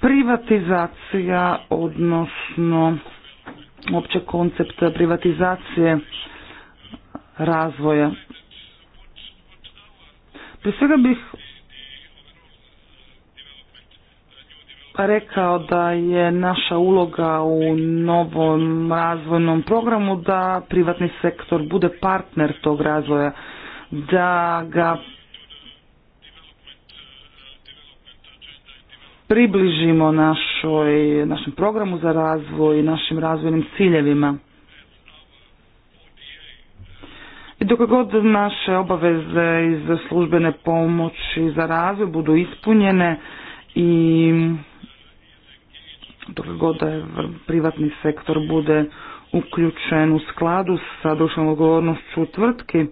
Privatizacija, odnosno opće koncept privatizacije razvoja. Prije svega bih rekao da je naša uloga u novom razvojnom programu da privatni sektor bude partner tog razvoja, da ga približimo našoj, našem programu za razvoj i našim razvojnim ciljevima. I dok god naše obaveze iz službene pomoći za razvoj budu ispunjene i dok god je privatni sektor bude uključen u skladu sa društvenom odgovornošću tvrtki.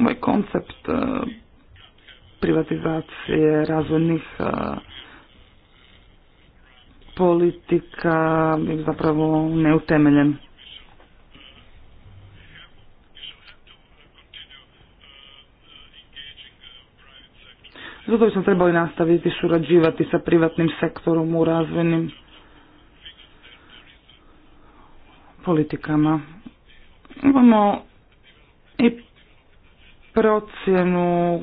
Ovaj koncept e, privatizacije razvojnih e, politika je zapravo neutemeljen. Zato smo trebali nastaviti surađivati sa privatnim sektorom u razvojnim politikama. Imamo i procjenu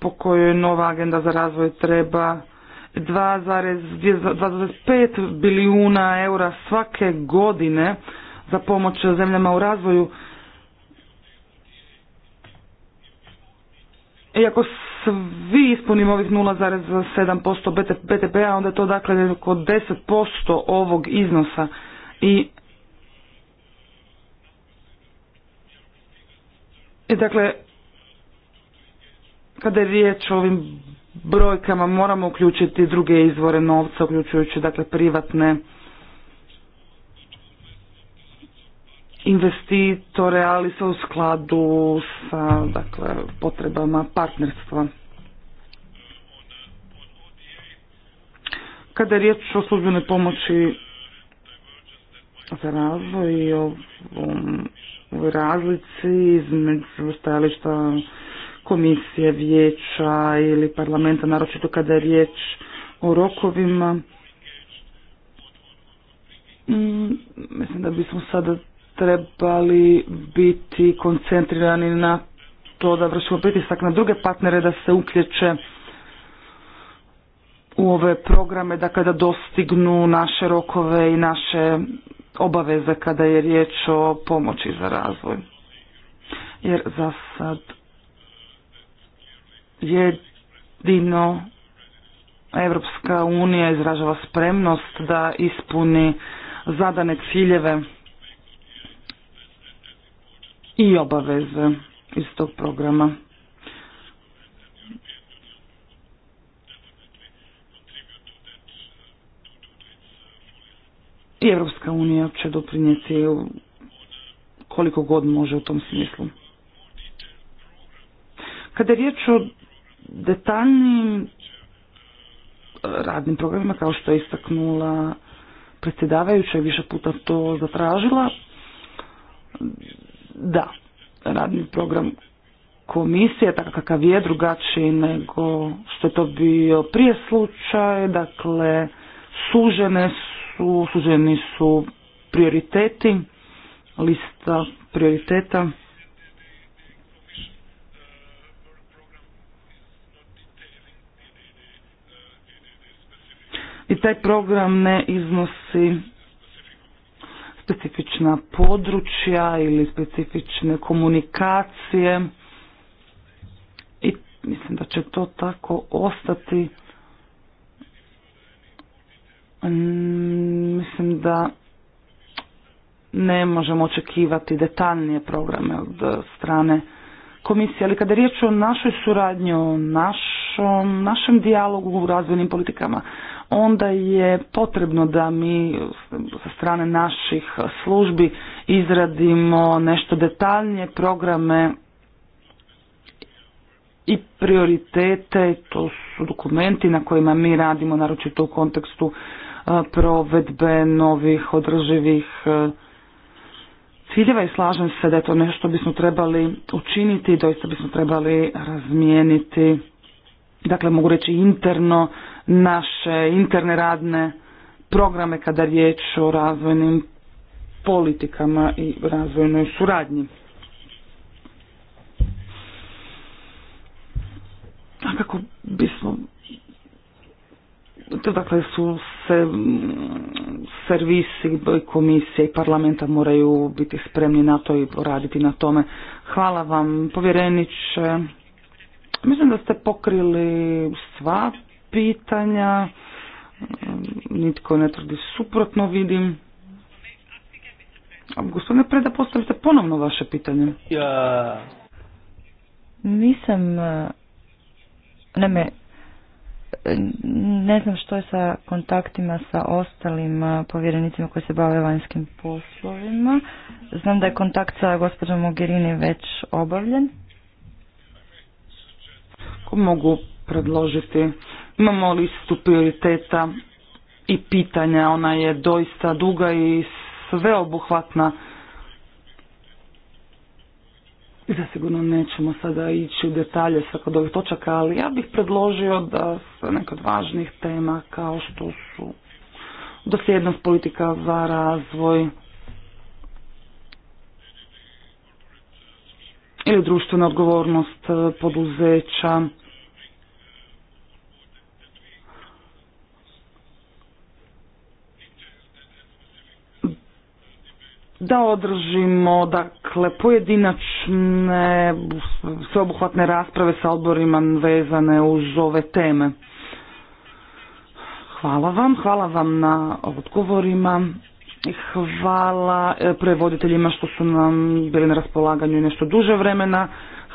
po kojoj nova agenda za razvoj treba 2,5 bilijuna eura svake godine za pomoć zemljama u razvoju. Iako svi ispunimo ovih 0,7% BTP-a, onda je to dakle oko 10% ovog iznosa. I dakle, kada je riječ o ovim brojkama, moramo uključiti druge izvore novca, uključujući dakle privatne investitore, ali se u skladu sa dakle, potrebama partnerstva. Kada je riječ o službenoj pomoći za razvoj i o razlici između stajališta komisije, vijeća ili parlamenta, naročito kada je riječ o rokovima, mm, mislim da bismo sada trebali biti koncentrirani na to da vršimo pritisak na druge partnere da se uključe u ove programe dakle, da kada dostignu naše rokove i naše obaveze kada je riječ o pomoći za razvoj. Jer za sad jedino Evropska unija izražava spremnost da ispuni zadane ciljeve i obaveze iz tog programa. I Evropska unija će doprinijeti koliko god može u tom smislu. Kada je riječ o detaljnim e, radnim programima, kao što je istaknula predsjedavajuća i više puta to zatražila, da, radni program komisije, takav kakav je drugačiji nego što je to bio prije slučaj, dakle sužene su, suženi su prioriteti, lista prioriteta. I taj program ne iznosi specifična područja ili specifične komunikacije i mislim da će to tako ostati. Mm, mislim da ne možemo očekivati detaljnije programe od strane komisije, ali kada je riječ o našoj suradnji, o našom, našem dijalogu u razvojnim politikama, onda je potrebno da mi sa strane naših službi izradimo nešto detaljnije programe i prioritete, to su dokumenti na kojima mi radimo, naročito u kontekstu e, provedbe novih održivih e, ciljeva i slažem se da je to nešto bismo trebali učiniti i doista bismo trebali razmijeniti dakle mogu reći interno naše interne radne programe kada je riječ o razvojnim politikama i razvojnoj suradnji. A kako bismo to dakle su se servisi komisije i parlamenta moraju biti spremni na to i poraditi na tome. Hvala vam povjereniče. Mislim da ste pokrili sva pitanja, nitko ne tvrdi suprotno vidim. Gospodine Preda, postavite ponovno vaše pitanje. Ja. Nisam, e, naime, ne znam što je sa kontaktima sa ostalim e, povjerenicima koji se bave vanjskim poslovima. Znam da je kontakt sa gospođom Mogherini već obavljen mogu predložiti. Imamo listu prioriteta i pitanja, ona je doista duga i sveobuhvatna. Zasigurno nećemo sada ići u detalje sa kod ovih točaka, ali ja bih predložio da se važnih tema kao što su dosljednost politika za razvoj ili društvena odgovornost poduzeća, da održimo dakle pojedinačne sveobuhvatne rasprave sa odborima vezane uz ove teme. Hvala vam, hvala vam na odgovorima. Hvala e, prevoditeljima što su nam bili na raspolaganju nešto duže vremena.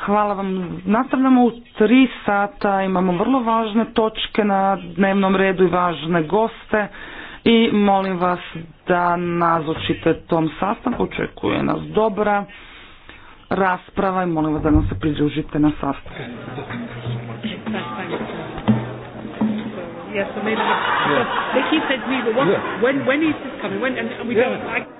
Hvala vam. Nastavljamo u tri sata. Imamo vrlo važne točke na dnevnom redu i važne goste i molim vas da nazočite tom sastanku, očekuje nas dobra rasprava i molim vas da nam se pridružite na sastanku. Yes, so maybe yeah. they keep saying to me, but what, yeah. when when is this coming? When and we yeah. don't. I,